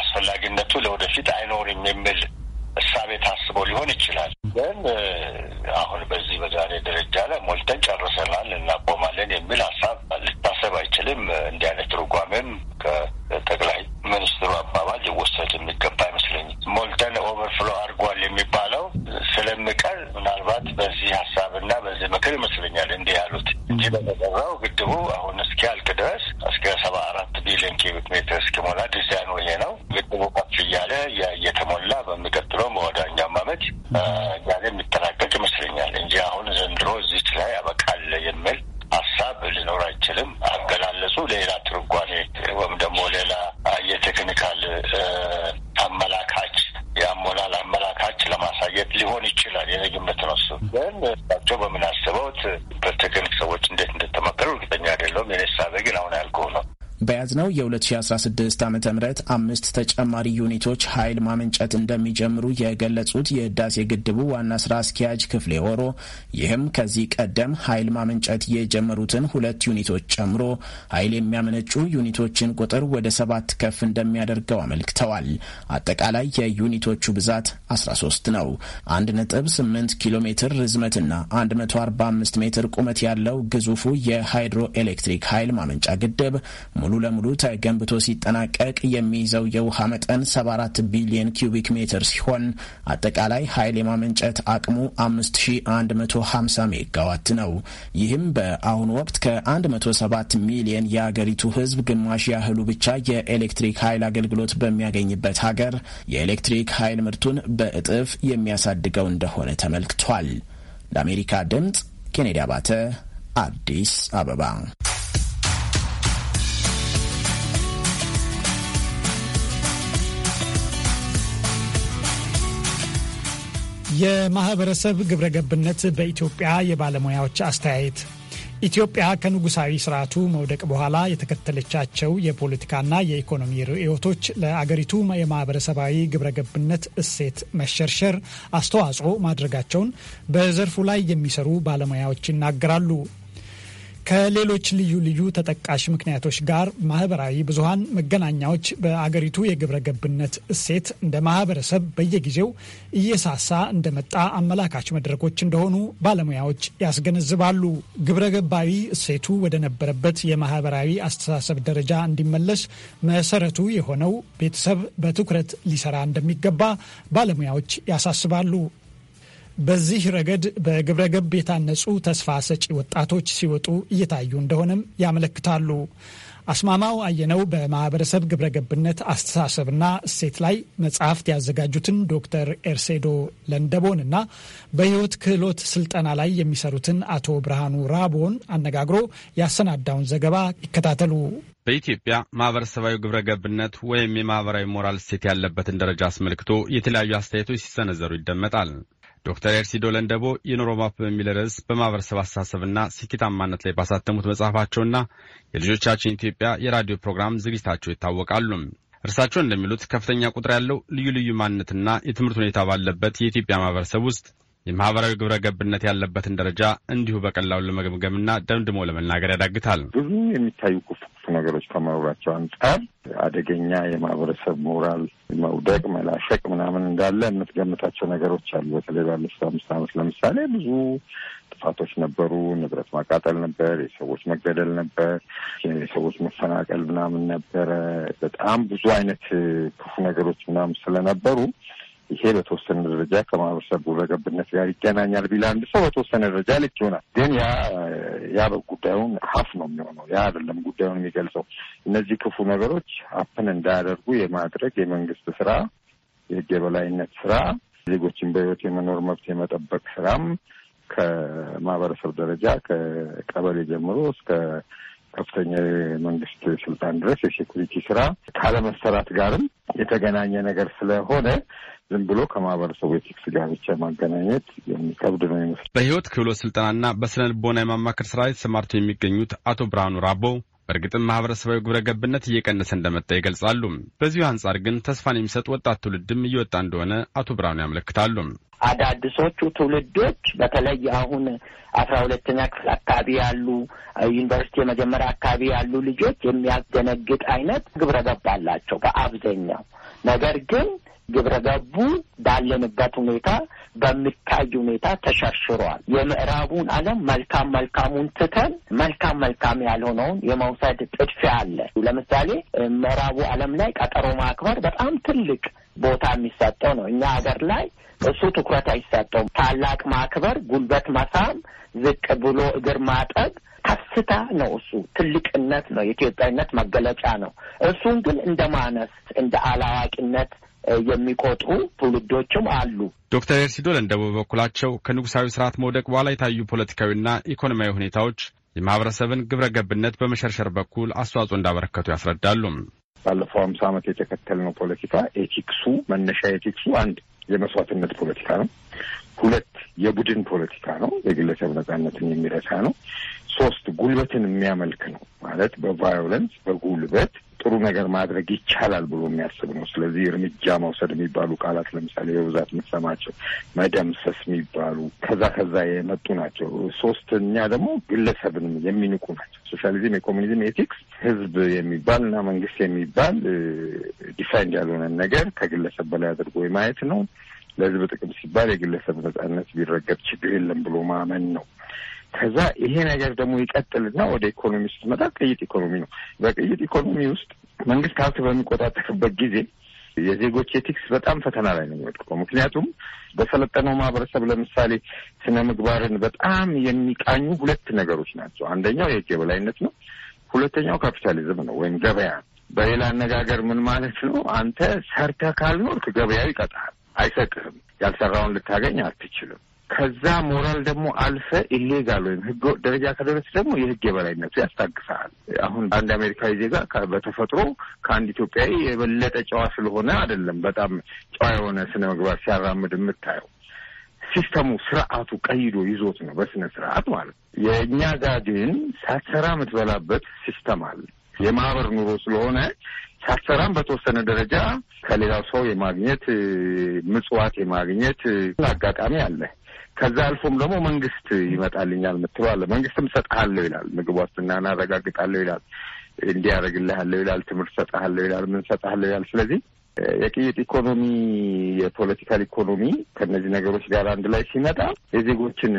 አስፈላጊነቱ ለወደፊት አይኖርም የሚል እሳቤ ታስቦ ሊሆን ይችላል። ግን አሁን በዚህ በዛሬ ደረጃ ላይ ሞልተን ጨርሰናል፣ እናቆማለን የሚል ሀሳብ ሊታሰብ አይችልም። እንዲህ አይነት ትርጓሜም ከጠቅላይ ሚኒስትሩ አባባል ሊወሰድ የሚገባ አይመስለኝም። ሞልተን ኦቨርፍሎ አድርጓል የሚባለው ስለምቀር ምናልባት በዚህ ሀሳብና በዚህ ምክር ይመስለኛል ውጭ በመጠራው ግድቡ አሁን እስኪያልቅ ድረስ እስከ ሰባ አራት ቢሊዮን ኪዩቢክ ሜትር እስኪሞላ ዲዛይን ይሄ ነው። ግድቡ ከፍ በያዝነው የ2016 ዓ ም አምስት ተጨማሪ ዩኒቶች ኃይል ማመንጨት እንደሚጀምሩ የገለጹት የህዳሴ ግድቡ ዋና ስራ አስኪያጅ ክፍሌ ወሮ ይህም ከዚህ ቀደም ኃይል ማመንጨት የጀመሩትን ሁለት ዩኒቶች ጨምሮ ኃይል የሚያመነጩ ዩኒቶችን ቁጥር ወደ ሰባት ከፍ እንደሚያደርገው አመልክተዋል። አጠቃላይ የዩኒቶቹ ብዛት 13 ነው። 1.8 ኪሎ ሜትር ርዝመትና 145 ሜትር ቁመት ያለው ግዙፉ የሃይድሮ ኤሌክትሪክ ኃይል ማመንጫ ግድብ ሙሉ ለሙሉ ተገንብቶ ሲጠናቀቅ የሚይዘው የውሃ መጠን 74 ቢሊዮን ኪዩቢክ ሜትር ሲሆን አጠቃላይ ኃይል የማመንጨት አቅሙ 5150 ሜጋዋት ነው። ይህም በአሁኑ ወቅት ከ107 ሚሊየን የአገሪቱ ህዝብ ግማሽ ያህሉ ብቻ የኤሌክትሪክ ኃይል አገልግሎት በሚያገኝበት ሀገር የኤሌክትሪክ ኃይል ምርቱን በእጥፍ የሚያሳድገው እንደሆነ ተመልክቷል። ለአሜሪካ ድምፅ ኬኔዲ አባተ አዲስ አበባ። የማህበረሰብ ግብረ ገብነት በኢትዮጵያ የባለሙያዎች አስተያየት ኢትዮጵያ ከንጉሳዊ ስርዓቱ መውደቅ በኋላ የተከተለቻቸው የፖለቲካና የኢኮኖሚ ርዕዮቶች ለአገሪቱ የማህበረሰባዊ ግብረገብነት እሴት መሸርሸር አስተዋጽኦ ማድረጋቸውን በዘርፉ ላይ የሚሰሩ ባለሙያዎች ይናገራሉ። ከሌሎች ልዩ ልዩ ተጠቃሽ ምክንያቶች ጋር ማህበራዊ ብዙሀን መገናኛዎች በአገሪቱ የግብረ ገብነት እሴት እንደ ማህበረሰብ በየጊዜው እየሳሳ እንደመጣ አመላካች መድረኮች እንደሆኑ ባለሙያዎች ያስገነዝባሉ። ግብረ ገባዊ እሴቱ ወደ ነበረበት የማህበራዊ አስተሳሰብ ደረጃ እንዲመለስ መሰረቱ የሆነው ቤተሰብ በትኩረት ሊሰራ እንደሚገባ ባለሙያዎች ያሳስባሉ። በዚህ ረገድ በግብረ ገብ የታነጹ ተስፋ ሰጪ ወጣቶች ሲወጡ እየታዩ እንደሆነም ያመለክታሉ። አስማማው አየነው በማህበረሰብ ግብረ ገብነት አስተሳሰብና እሴት ላይ መጽሐፍት ያዘጋጁትን ዶክተር ኤርሴዶ ለንደቦን እና በሕይወት ክህሎት ስልጠና ላይ የሚሰሩትን አቶ ብርሃኑ ራቦን አነጋግሮ ያሰናዳውን ዘገባ ይከታተሉ። በኢትዮጵያ ማህበረሰባዊ ግብረ ገብነት ወይም የማህበራዊ ሞራል እሴት ያለበትን ደረጃ አስመልክቶ የተለያዩ አስተያየቶች ሲሰነዘሩ ይደመጣል። ዶክተር ኤርሲዶ ለንደቦ ማፕ በሚል ርዕስ በማህበረሰብ አስተሳሰብና ስኬታማነት ላይ ባሳተሙት መጽሐፋቸውና የልጆቻችን ኢትዮጵያ የራዲዮ ፕሮግራም ዝግጅታቸው ይታወቃሉ። እርሳቸው እንደሚሉት ከፍተኛ ቁጥር ያለው ልዩ ልዩ ማንነትና የትምህርት ሁኔታ ባለበት የኢትዮጵያ ማህበረሰብ ውስጥ የማህበራዊ ግብረ ገብነት ያለበትን ደረጃ እንዲሁ በቀላሉ ለመገምገምና ደምድሞ ለመናገር ያዳግታል። ብዙ የሚታዩ ነገሮች ከመኖራቸው አንጻር አደገኛ የማህበረሰብ ሞራል መውደቅ፣ መላሸቅ ምናምን እንዳለ የምትገምታቸው ነገሮች አሉ። በተለይ ባለፉት አምስት ዓመት ለምሳሌ ብዙ ጥፋቶች ነበሩ። ንብረት ማቃጠል ነበር፣ የሰዎች መገደል ነበር፣ የሰዎች መፈናቀል ምናምን ነበረ። በጣም ብዙ አይነት ክፉ ነገሮች ምናምን ስለነበሩ ይሄ በተወሰነ ደረጃ ከማህበረሰብ ግብረገብነት ጋር ይገናኛል ቢል አንድ ሰው በተወሰነ ደረጃ ልክ ይሆናል። ግን ያ ያ ጉዳዩን ሀፍ ነው የሚሆነው። ያ አይደለም ጉዳዩን የሚገልጸው። እነዚህ ክፉ ነገሮች አፕን እንዳያደርጉ የማድረግ የመንግስት ስራ፣ የህግ የበላይነት ስራ፣ ዜጎችን በህይወት የመኖር መብት የመጠበቅ ስራም ከማህበረሰብ ደረጃ ከቀበሌ ጀምሮ እስከ ከፍተኛ የመንግስት ስልጣን ድረስ የሴኩሪቲ ስራ ካለመሰራት ጋርም የተገናኘ ነገር ስለሆነ ዝም ብሎ ከማህበረሰቡ የቴክስ ጋር ብቻ ማገናኘት የሚከብድ ነው ይመስል በህይወት ክህሎት ስልጠናና በስነ ልቦና የማማከር ስራ የተሰማርተው የሚገኙት አቶ ብርሃኑ ራቦ በእርግጥም ማህበረሰባዊ ግብረ ገብነት እየቀነሰ እንደመጣ ይገልጻሉ። በዚሁ አንጻር ግን ተስፋን የሚሰጥ ወጣት ትውልድም እየወጣ እንደሆነ አቶ ብርሃኑ ያመለክታሉ። አዳዲሶቹ ትውልዶች በተለይ አሁን አስራ ሁለተኛ ክፍል አካባቢ ያሉ ዩኒቨርሲቲ የመጀመሪያ አካባቢ ያሉ ልጆች የሚያስደነግጥ አይነት ግብረ ገብ አላቸው በአብዛኛው ነገር ግን ግብረ ገቡ ባለንበት ሁኔታ በሚታይ ሁኔታ ተሸርሽሯል። የምዕራቡን ዓለም መልካም መልካሙን ትተን መልካም መልካም ያልሆነውን የመውሰድ ጥድፊያ አለ። ለምሳሌ ምዕራቡ ዓለም ላይ ቀጠሮ ማክበር በጣም ትልቅ ቦታ የሚሰጠው ነው። እኛ ሀገር ላይ እሱ ትኩረት አይሰጠውም። ታላቅ ማክበር፣ ጉልበት መሳም፣ ዝቅ ብሎ እግር ማጠብ ከፍታ ነው። እሱ ትልቅነት ነው። የኢትዮጵያዊነት መገለጫ ነው። እሱን ግን እንደ ማነስ እንደ አላዋቂነት የሚቆጥሩ ትውልዶችም አሉ። ዶክተር ኤርሲዶ ደግሞ በበኩላቸው ከንጉሳዊ ስርዓት መውደቅ በኋላ የታዩ ፖለቲካዊና ኢኮኖሚያዊ ሁኔታዎች የማህበረሰብን ግብረ ገብነት በመሸርሸር በኩል አስተዋጽኦ እንዳበረከቱ ያስረዳሉ። ባለፈው ሀምሳ ዓመት የተከተልነው ፖለቲካ ኤቲክሱ መነሻ ኤቲክሱ አንድ የመስዋዕትነት ፖለቲካ ነው። ሁለት የቡድን ፖለቲካ ነው። የግለሰብ ነጻነትን የሚረሳ ነው። ሶስት ጉልበትን የሚያመልክ ነው። ማለት በቫዮለንስ በጉልበት ጥሩ ነገር ማድረግ ይቻላል ብሎ የሚያስብ ነው። ስለዚህ እርምጃ መውሰድ የሚባሉ ቃላት ለምሳሌ በብዛት የምትሰማቸው መደምሰስ የሚባሉ ከዛ ከዛ የመጡ ናቸው። ሶስተኛ ደግሞ ግለሰብን የሚንቁ ናቸው። ሶሻሊዝም፣ የኮሚኒዝም ኤቲክስ ህዝብ የሚባል እና መንግስት የሚባል ዲፋይንድ ያልሆነን ነገር ከግለሰብ በላይ አድርጎ የማየት ነው። ለህዝብ ጥቅም ሲባል የግለሰብ ነጻነት ቢረገብ ችግር የለም ብሎ ማመን ነው። ከዛ ይሄ ነገር ደግሞ ይቀጥልና ወደ ኢኮኖሚ ስትመጣ ቅይጥ ኢኮኖሚ ነው። በቅይጥ ኢኮኖሚ ውስጥ መንግስት ሀብት በሚቆጣጠርበት ጊዜ የዜጎች ኤቲክስ በጣም ፈተና ላይ ነው የሚወድቀው። ምክንያቱም በሰለጠነው ማህበረሰብ ለምሳሌ ስነ ምግባርን በጣም የሚቃኙ ሁለት ነገሮች ናቸው። አንደኛው የህግ የበላይነት ነው። ሁለተኛው ካፒታሊዝም ነው ወይም ገበያ። በሌላ አነጋገር ምን ማለት ነው? አንተ ሰርተ ካልኖርክ ገበያው ይቀጣል አይሰቅህም። ያልሰራውን ልታገኝ አትችልም። ከዛ ሞራል ደግሞ አልፈ ኢሌጋል ወይም ህገ ደረጃ ከደረስ ደግሞ የህግ የበላይነቱ ያስታግሳል። አሁን አንድ አሜሪካዊ ዜጋ በተፈጥሮ ከአንድ ኢትዮጵያዊ የበለጠ ጨዋ ስለሆነ አይደለም። በጣም ጨዋ የሆነ ስነ ምግባር ሲያራምድ የምታየው ሲስተሙ ስርዓቱ ቀይዶ ይዞት ነው፣ በስነ ስርዓት ማለት ነው። የእኛ ጋር ግን ሳትሰራ የምትበላበት ሲስተም አለ። የማህበር ኑሮ ስለሆነ ሳትሰራም በተወሰነ ደረጃ ከሌላው ሰው የማግኘት ምጽዋት የማግኘት አጋጣሚ አለ። ከዛ አልፎም ደግሞ መንግስት ይመጣልኛል ምትለዋለ መንግስትም ሰጥሃለሁ ይላል። ምግብ ዋስትና እናረጋግጣለሁ ይላል። እንዲያደርግልሃለሁ ይላል። ትምህርት ሰጥሃለሁ ይላል። ምን ሰጥሃለሁ ይላል። ስለዚህ የቅይጥ ኢኮኖሚ፣ የፖለቲካል ኢኮኖሚ ከእነዚህ ነገሮች ጋር አንድ ላይ ሲመጣ የዜጎችን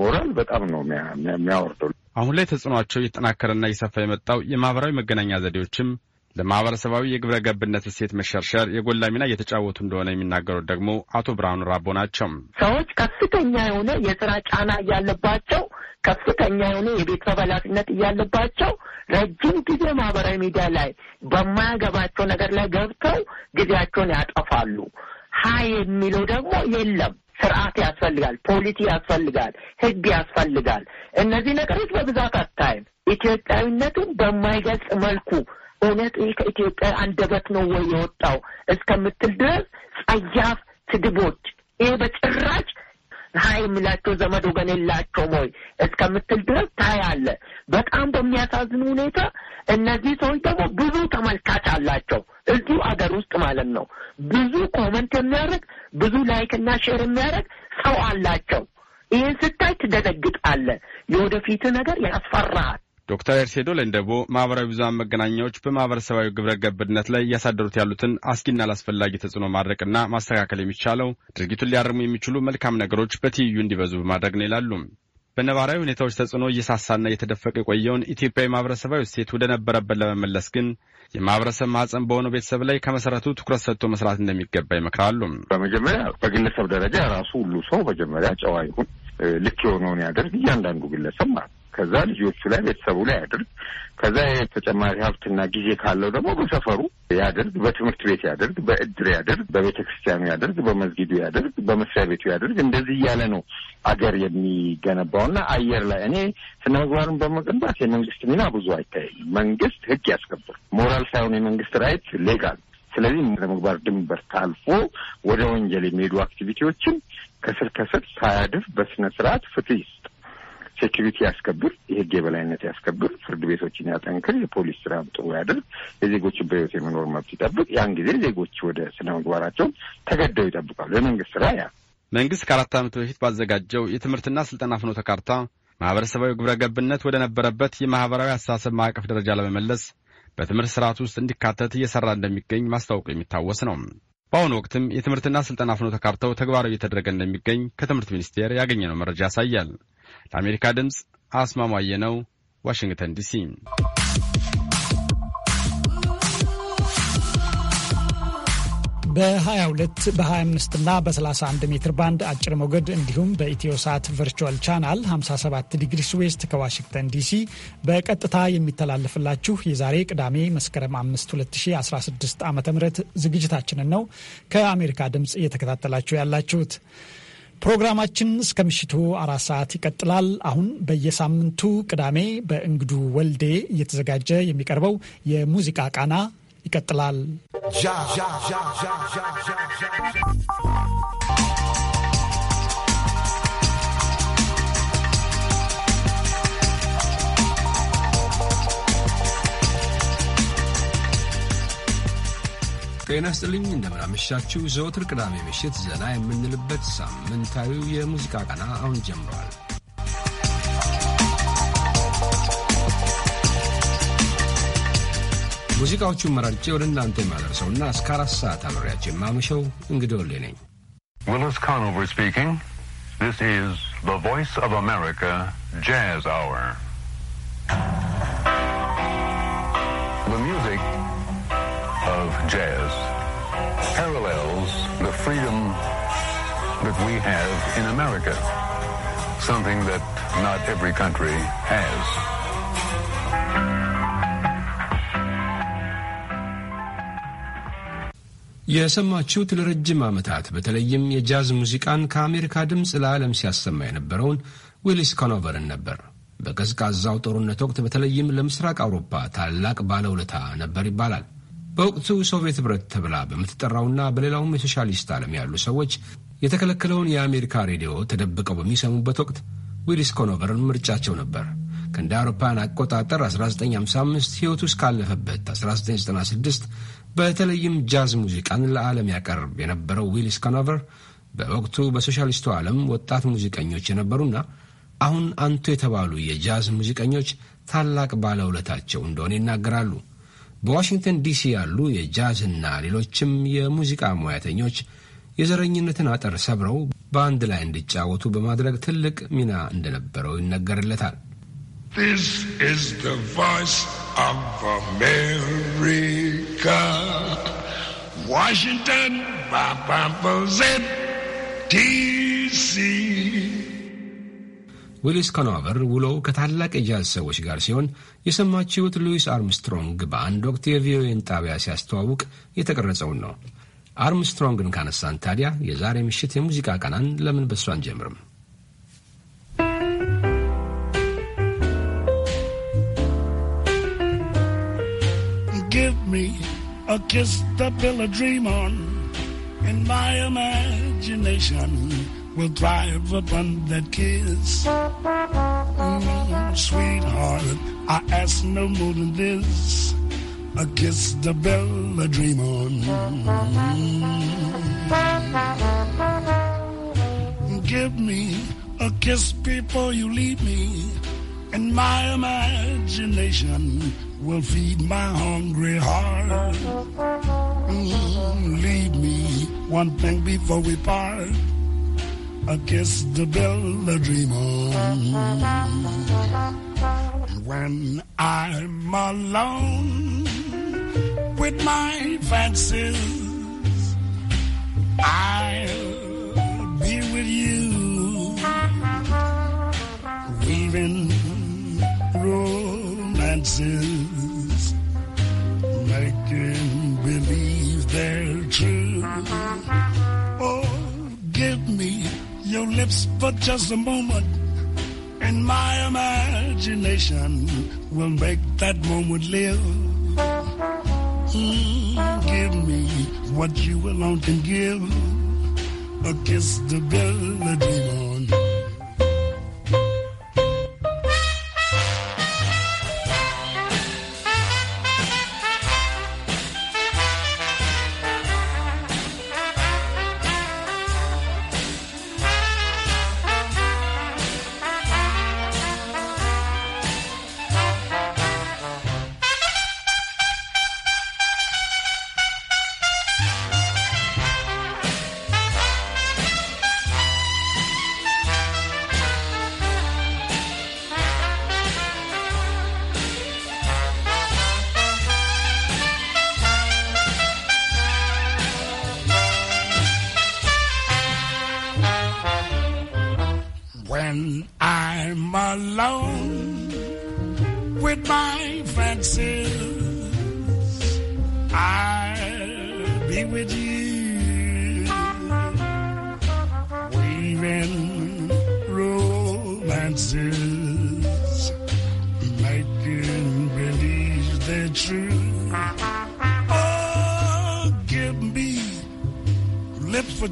ሞራል በጣም ነው የሚያወርደው። አሁን ላይ ተጽዕኖቸው እየተጠናከረና እየሰፋ የመጣው የማህበራዊ መገናኛ ዘዴዎችም ለማህበረሰባዊ የግብረ ገብነት እሴት መሸርሸር የጎላ ሚና እየተጫወቱ እንደሆነ የሚናገሩት ደግሞ አቶ ብርሃኑ ራቦ ናቸው። ሰዎች ከፍተኛ የሆነ የስራ ጫና እያለባቸው፣ ከፍተኛ የሆነ የቤተሰብ ኃላፊነት እያለባቸው ረጅም ጊዜ ማህበራዊ ሚዲያ ላይ በማያገባቸው ነገር ላይ ገብተው ጊዜያቸውን ያጠፋሉ። ሀይ የሚለው ደግሞ የለም። ስርዓት ያስፈልጋል፣ ፖሊቲ ያስፈልጋል፣ ህግ ያስፈልጋል። እነዚህ ነገሮች በብዛት አታይም። ኢትዮጵያዊነትን በማይገልጽ መልኩ እውነት ይህ ከኢትዮጵያ አንደበት ነው ወይ የወጣው እስከምትል ድረስ ጸያፍ ስድቦች ይህ በጭራጭ ሀይ የሚላቸው ዘመድ ወገን የላቸውም ወይ እስከምትል ድረስ ታያለ። በጣም በሚያሳዝን ሁኔታ እነዚህ ሰዎች ደግሞ ብዙ ተመልካች አላቸው እዚሁ አገር ውስጥ ማለት ነው። ብዙ ኮመንት የሚያደርግ ብዙ ላይክ እና ሼር የሚያደርግ ሰው አላቸው። ይህን ስታይ ትደነግጣለህ። የወደፊት ነገር ያስፈራሃል። ዶክተር ኤርሴዶ ለንደቦ ማህበራዊ ብዙሀን መገናኛዎች በማህበረሰባዊ ግብረ ገብነት ላይ እያሳደሩት ያሉትን አስጊና ላስፈላጊ ተጽዕኖ ማድረቅና ማስተካከል የሚቻለው ድርጊቱን ሊያርሙ የሚችሉ መልካም ነገሮች በትይዩ እንዲበዙ በማድረግ ነው ይላሉ። በነባራዊ ሁኔታዎች ተጽዕኖ እየሳሳና እየተደፈቀ የቆየውን ኢትዮጵያዊ ማህበረሰባዊ እሴት ወደ ነበረበት ለመመለስ ግን የማህበረሰብ ማህፀን በሆነው ቤተሰብ ላይ ከመሰረቱ ትኩረት ሰጥቶ መስራት እንደሚገባ ይመክራሉ። በመጀመሪያ በግለሰብ ደረጃ ራሱ ሁሉ ሰው መጀመሪያ ጨዋ ይሁን፣ ልክ የሆነውን ያደርግ እያንዳንዱ ግለሰብ ማለት ከዛ ልጆቹ ላይ ቤተሰቡ ላይ ያድርግ። ከዛ የተጨማሪ ሀብትና ጊዜ ካለው ደግሞ በሰፈሩ ያድርግ፣ በትምህርት ቤት ያድርግ፣ በእድር ያድርግ፣ በቤተ ክርስቲያኑ ያድርግ፣ በመስጊዱ ያድርግ፣ በመስሪያ ቤቱ ያድርግ። እንደዚህ እያለ ነው አገር የሚገነባውና አየር ላይ እኔ ስነ ምግባርን በመገንባት የመንግስት ሚና ብዙ አይታይም። መንግስት ህግ ያስከብር፣ ሞራል ሳይሆን የመንግስት ራይት ሌጋል ስለዚህ ስነ ምግባር ድንበር ታልፎ ወደ ወንጀል የሚሄዱ አክቲቪቲዎችን ከስር ከስር ሳያድፍ በስነ ስርዓት ፍትህ ሴኪሪቲ ያስከብር፣ የህግ የበላይነት ያስከብር፣ ፍርድ ቤቶችን ያጠንክር፣ የፖሊስ ስራ ጥሩ ያደርግ፣ የዜጎችን በህይወት የመኖር መብት ይጠብቅ። ያን ጊዜ ዜጎች ወደ ስነ ምግባራቸውን ተገደው ይጠብቃሉ። የመንግስት ስራ ያ መንግስት ከአራት ዓመት በፊት ባዘጋጀው የትምህርትና ስልጠና ፍኖተ ካርታ ማህበረሰባዊ ግብረ ገብነት ወደ ነበረበት የማህበራዊ አስተሳሰብ ማዕቀፍ ደረጃ ለመመለስ በትምህርት ስርዓት ውስጥ እንዲካተት እየሰራ እንደሚገኝ ማስታወቁ የሚታወስ ነው። በአሁኑ ወቅትም የትምህርትና ስልጠና ፍኖተ ካርታው ተግባራዊ እየተደረገ እንደሚገኝ ከትምህርት ሚኒስቴር ያገኘነው መረጃ ያሳያል። ለአሜሪካ ድምፅ አስማማየ ነው፣ ዋሽንግተን ዲሲ። በ22 በ25 እና በ31 ሜትር ባንድ አጭር ሞገድ እንዲሁም በኢትዮሳት ቨርቹዋል ቻናል 57 ዲግሪስ ዌስት ከዋሽንግተን ዲሲ በቀጥታ የሚተላለፍላችሁ የዛሬ ቅዳሜ መስከረም 5 2016 ዓ ም ዝግጅታችንን ነው ከአሜሪካ ድምፅ እየተከታተላችሁ ያላችሁት። ፕሮግራማችን እስከ ምሽቱ አራት ሰዓት ይቀጥላል። አሁን በየሳምንቱ ቅዳሜ በእንግዱ ወልዴ እየተዘጋጀ የሚቀርበው የሙዚቃ ቃና ይቀጥላል። ጤና ስጥልኝ እንደምናመሻችሁ። ዘወትር ቅዳሜ ምሽት ዘና የምንልበት ሳምንታዊው የሙዚቃ ቀና አሁን ጀምሯል። ሙዚቃዎቹን መራርጬ ወደ እናንተ የማደርሰውና እስከ አራት ሰዓት አኖሪያቸው የማመሸው እንግዲህ ወሌ ነኝ። ዊልስ ካኖቨር ስፒኪንግ ዚስ ኢዝ ዘ ቮይስ ኦፍ አሜሪካ ጃዝ አወር jazz parallels the freedom that we have in America, something that not every country has. የሰማችሁት ለረጅም ዓመታት በተለይም የጃዝ ሙዚቃን ከአሜሪካ ድምፅ ለዓለም ሲያሰማ የነበረውን ዊሊስ ኮኖቨርን ነበር። በቀዝቃዛው ጦርነት ወቅት በተለይም ለምስራቅ አውሮፓ ታላቅ ባለውለታ ነበር ይባላል። በወቅቱ ሶቪየት ብረት ተብላ በምትጠራውና በሌላውም የሶሻሊስት ዓለም ያሉ ሰዎች የተከለከለውን የአሜሪካ ሬዲዮ ተደብቀው በሚሰሙበት ወቅት ዊሊስ ኮኖቨርን ምርጫቸው ነበር። ከእንደ አውሮፓውያን አቆጣጠር 1955 ሕይወቱ እስካለፈበት 1996 በተለይም ጃዝ ሙዚቃን ለዓለም ያቀርብ የነበረው ዊሊስ ኮኖቨር በወቅቱ በሶሻሊስቱ ዓለም ወጣት ሙዚቀኞች የነበሩና አሁን አንቱ የተባሉ የጃዝ ሙዚቀኞች ታላቅ ባለውለታቸው እንደሆነ ይናገራሉ። በዋሽንግተን ዲሲ ያሉ የጃዝና ሌሎችም የሙዚቃ ሙያተኞች የዘረኝነትን አጥር ሰብረው በአንድ ላይ እንዲጫወቱ በማድረግ ትልቅ ሚና እንደነበረው ይነገርለታል። This is the voice of America. Washington, DC. ዊሊስ ኮኖቨር ውሎው ከታላቅ የጃዝ ሰዎች ጋር ሲሆን የሰማችሁት ሉዊስ አርምስትሮንግ በአንድ ወቅት የቪኦኤን ጣቢያ ሲያስተዋውቅ የተቀረጸውን ነው። አርምስትሮንግን ካነሳን ታዲያ የዛሬ ምሽት የሙዚቃ ቀናን ለምን በሱ አንጀምርም? Give me a kiss to build a dream on in my imagination will drive upon that kiss. Mm, sweetheart, I ask no more than this. A kiss the bell I dream on. Mm. Give me a kiss before you leave me, and my imagination will feed my hungry heart. Mm, leave me one thing before we part I kiss the bell I dream on. When I'm alone with my fancies, I'll be with you, weaving romances. your lips for just a moment, and my imagination will make that moment live. Mm, give me what you alone can give, a kiss to build a dream.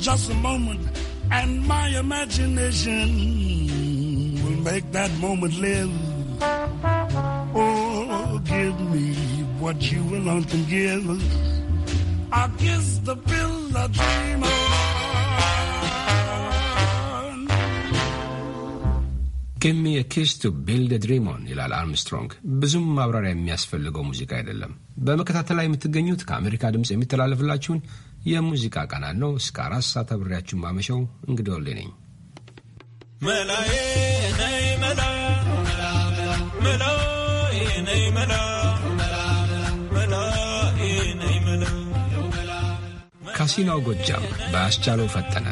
just a moment, and my imagination will make that moment live. Oh, give me what you alone can give. I kiss the pill I dream of. Give me a kiss to build a dream on ይላል አርምስትሮንግ። ብዙም ማብራሪያ የሚያስፈልገው ሙዚቃ አይደለም። በመከታተል ላይ የምትገኙት ከአሜሪካ ድምፅ የሚተላለፍላችሁን የሙዚቃ ቃናን ነው። እስከ አራት ሰዓት አብሬያችሁ ማመሸው እንግዳ ወሌ ነኝ። ካሲናው ጎጃም በአስቻለው ፈጠነ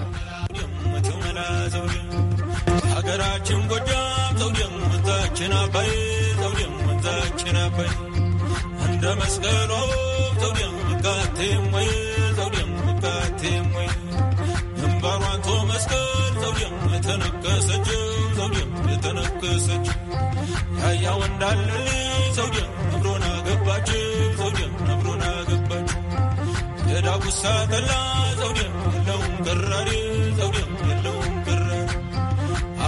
ሀገራችን ጎጃም ሰው ደምታችን አባይ ሰው ደምታችን አባይ እንደ መስቀሎ ሰው ደምቃቴም ወይ የተነከሰች ዘውዴም የተነከሰች ያያ ወንዳለ ዘውዴም ነብሮና ገባች ዘውዴም ነብሮና ገባች የዳጉሳ ተላ ዘውዴም የለውም ቀራሪ ዘውዴም የለውም ቀራሪ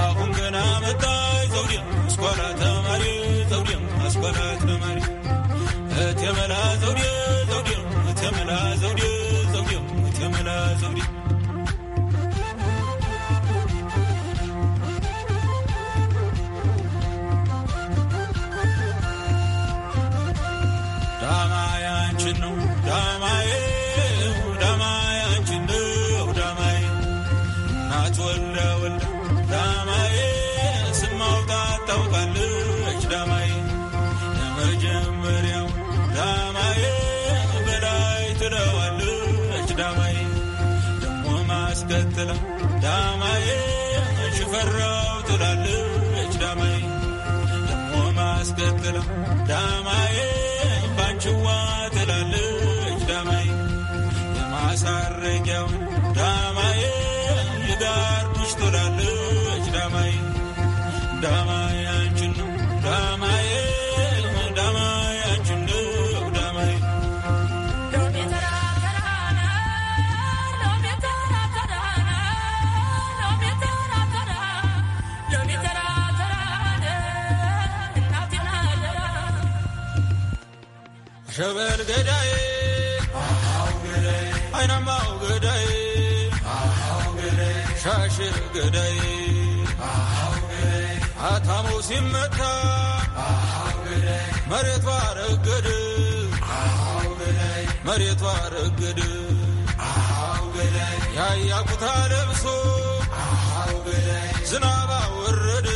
አሁን ገና መጣች ዘውዴም አስኳላ ተማሪ ዘውዴም አስኳላ ተማሪ እቴ መላ ዘውዴም dama ሽር ግደይ አታሙ ሲመታ መሬቷ ረገድ መሬቷ ረገድ ያያኩታ ለብሶ ዝናባ ወረድ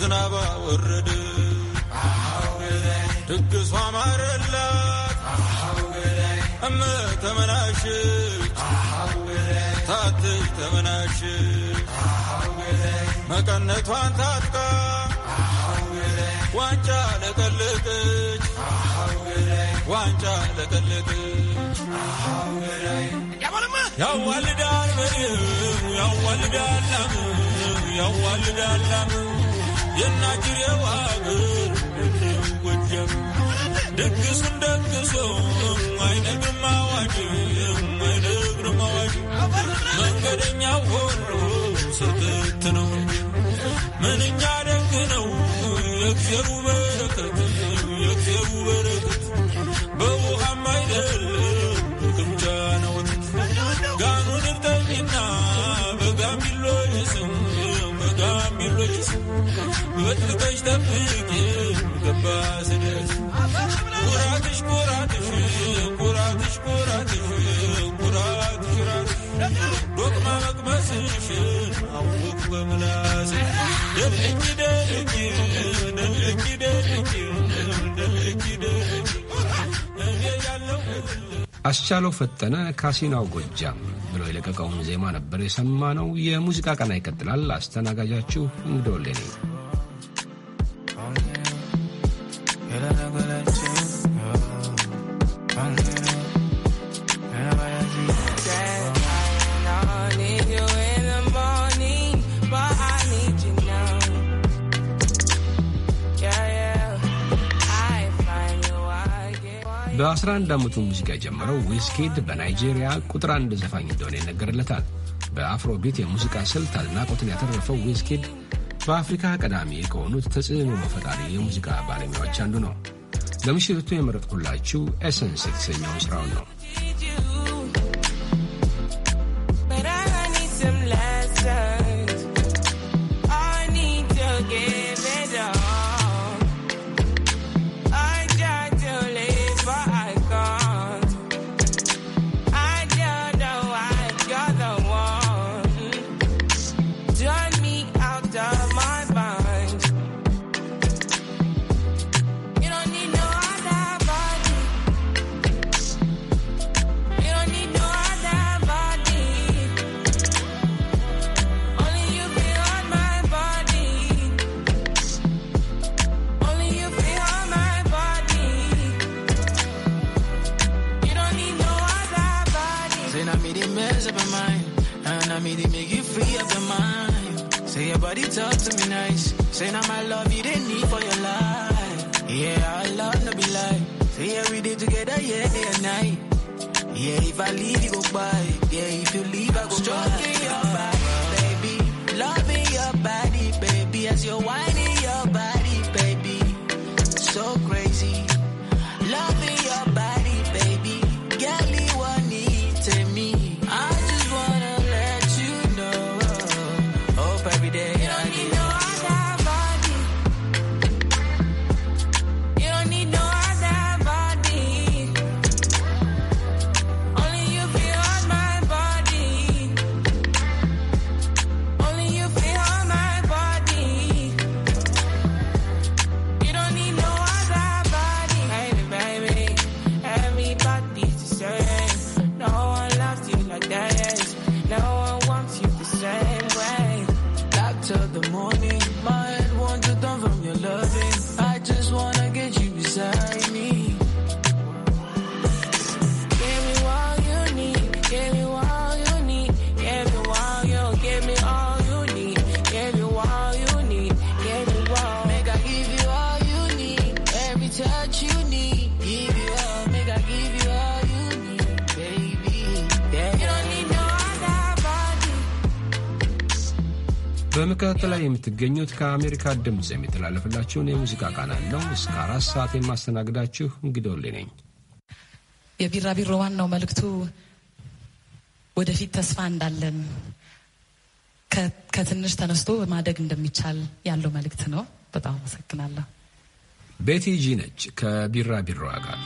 ዝናባ ወረድ ድግሷ ማረላት እመ ተመናሽች ታት ተመናሽ መቀነቷን ታጥቃ ዋንጫ ለቀለቀች ዋንጫ ለቀለቀች ያዋልዳል በሬው ያዋልዳል የናጅሬው አገር ጎጀም ደግሱን ደግሰው አይነግርም አዋጅ አይነግርም አዋጅ መንገደኛው ሁሉ ስርትት ነው። ምንኛ ደግ ነው የእግዜሩ በረከት የእግዜሩ በረከት በውሃም አይደለም ግምጃ ነው ጋኑን እርጠኝና በጋምቢሎች ስም በጋምቢሎች ስም በጥልቀሽ ጠብቅ ገባ ስደት አስቻለው ፈጠነ ካሲናው ጎጃም ብሎ የለቀቀውን ዜማ ነበር የሰማነው። የሙዚቃ ቀና ይቀጥላል። አስተናጋጃችሁ እንግዶሌ ነኝ። በ11 ዓመቱ ሙዚቃ የጀመረው ዊዝኪድ በናይጄሪያ ቁጥር አንድ ዘፋኝ እንደሆነ ይነገርለታል። በአፍሮቢት የሙዚቃ ስልት አድናቆትን ያተረፈው ዊዝኪድ በአፍሪካ ቀዳሚ ከሆኑት ተጽዕኖ መፈጣሪ የሙዚቃ ባለሙያዎች አንዱ ነው። ለምሽቱ የመረጥኩላችሁ ኤሰንስ የተሰኘውን ሥራውን ነው። በመከታተል ላይ የምትገኙት ከአሜሪካ ድምፅ የሚተላለፍላችሁን የሙዚቃ ቃና ነው። እስከ አራት ሰዓት የማስተናግዳችሁ እንግዶሌ ነኝ። የቢራቢሮ ዋናው መልእክቱ ወደፊት ተስፋ እንዳለን ከትንሽ ተነስቶ ማደግ እንደሚቻል ያለው መልእክት ነው። በጣም አመሰግናለሁ። ቤቲ ጂ ነች ከቢራቢሮ ጋር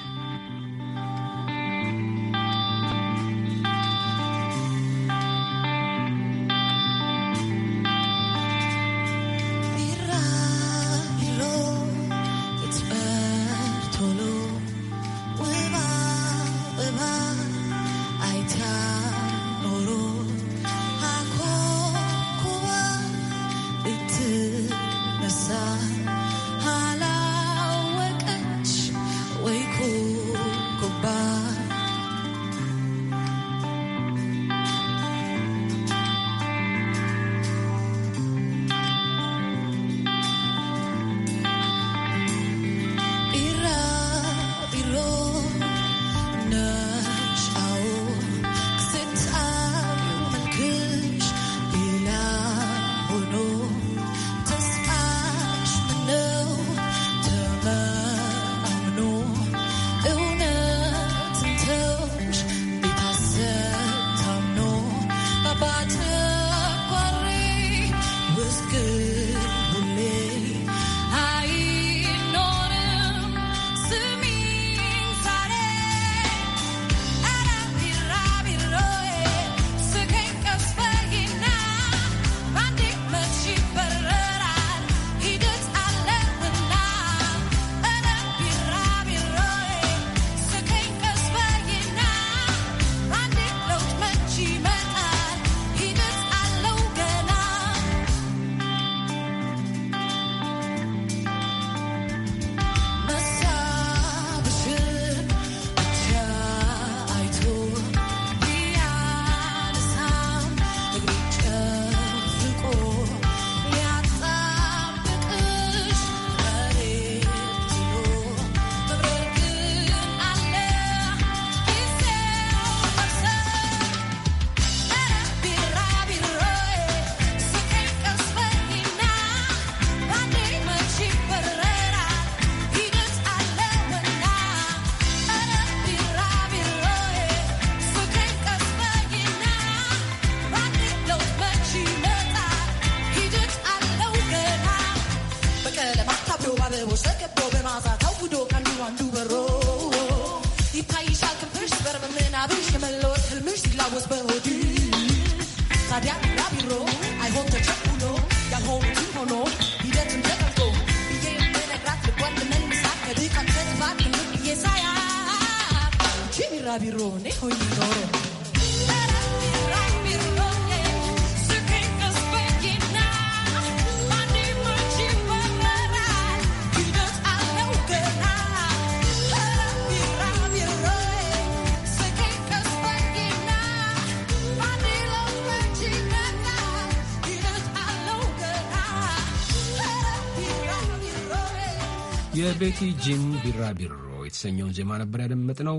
የቤቲ ጂን ቢራቢሮ የተሰኘውን ዜማ ነበር ያደመጥነው።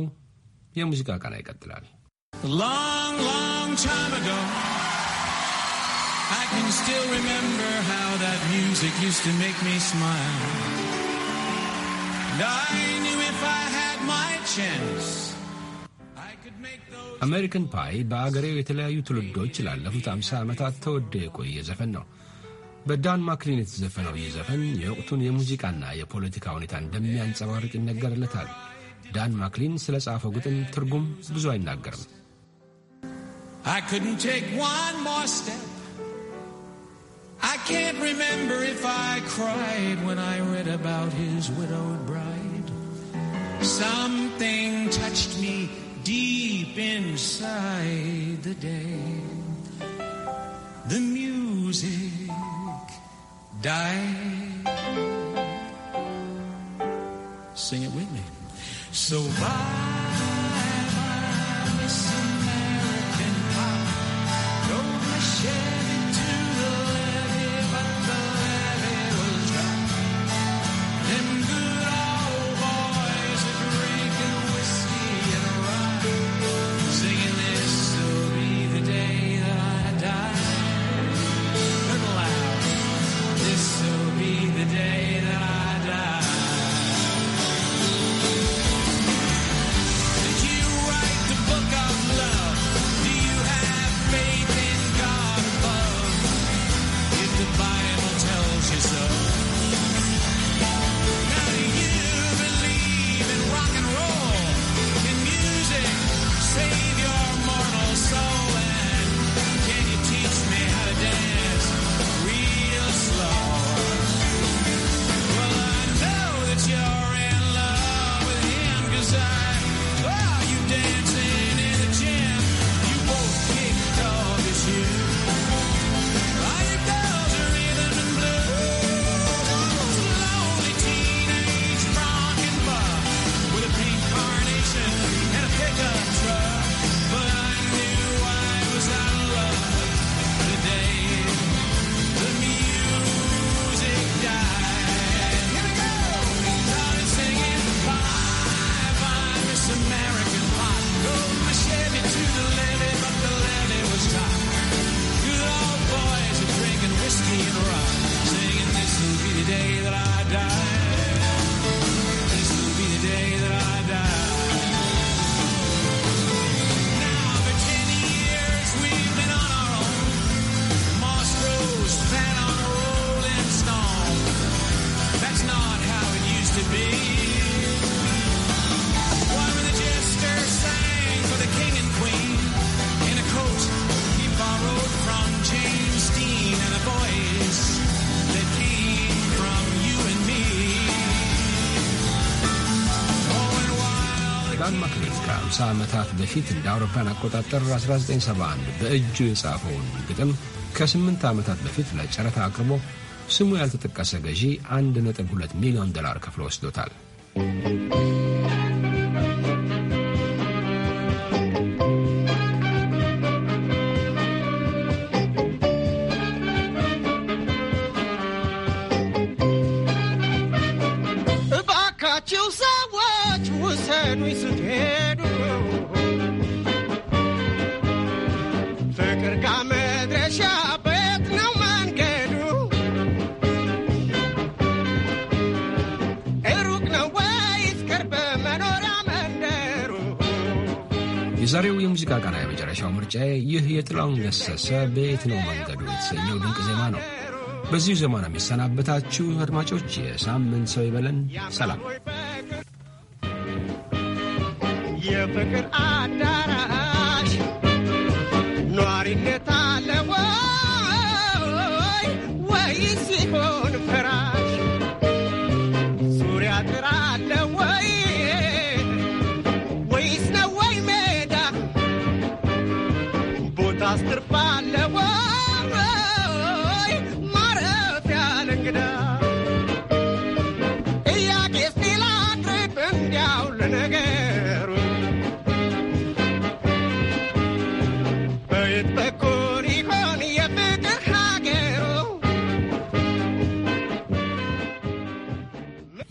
የሙዚቃ ቃና ይቀጥላል። Long, long time ago I can still remember how that music used to make me smile And I knew if I had my chance አሜሪካን ፓይ በአገሬው የተለያዩ ትውልዶች ላለፉት 50 ዓመታት ተወደ የቆየ ዘፈን ነው። በዳን ማክሊን የተዘፈነው ይህ ዘፈን የወቅቱን የሙዚቃና የፖለቲካ ሁኔታ እንደሚያንጸባርቅ ይነገርለታል። ዳን ማክሊን ስለ ጻፈው ግጥም ትርጉም ብዙ አይናገርም። I couldn't take one more step. I can't remember if I cried when I read about his widowed bride. Something touched me deep inside the day. The music. Die. Sing it with me. So በፊት እንደ አውሮፓን አቆጣጠር 1971 በእጁ የጻፈውን ግጥም ከስምንት ዓመታት በፊት ለጨረታ አቅርቦ ስሙ ያልተጠቀሰ ገዢ 1.2 ሚሊዮን ዶላር ከፍሎ ወስዶታል። Back at የዛሬው የሙዚቃ ቃና የመጨረሻው ምርጫዬ ይህ የጥላሁን ገሰሰ ቤት ነው መንገዱ የተሰኘው ድንቅ ዜማ ነው። በዚሁ ዜማ ነው የሚሰናበታችሁ አድማጮች። የሳምንት ሰው ይበለን። ሰላም የፍቅር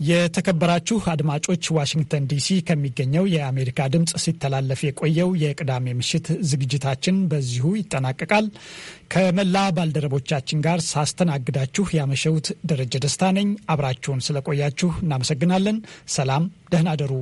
የተከበራችሁ አድማጮች ዋሽንግተን ዲሲ ከሚገኘው የአሜሪካ ድምፅ ሲተላለፍ የቆየው የቅዳሜ ምሽት ዝግጅታችን በዚሁ ይጠናቀቃል። ከመላ ባልደረቦቻችን ጋር ሳስተናግዳችሁ ያመሸሁት ደረጀ ደስታ ነኝ። አብራችሁን ስለቆያችሁ እናመሰግናለን። ሰላም፣ ደህና ደሩ።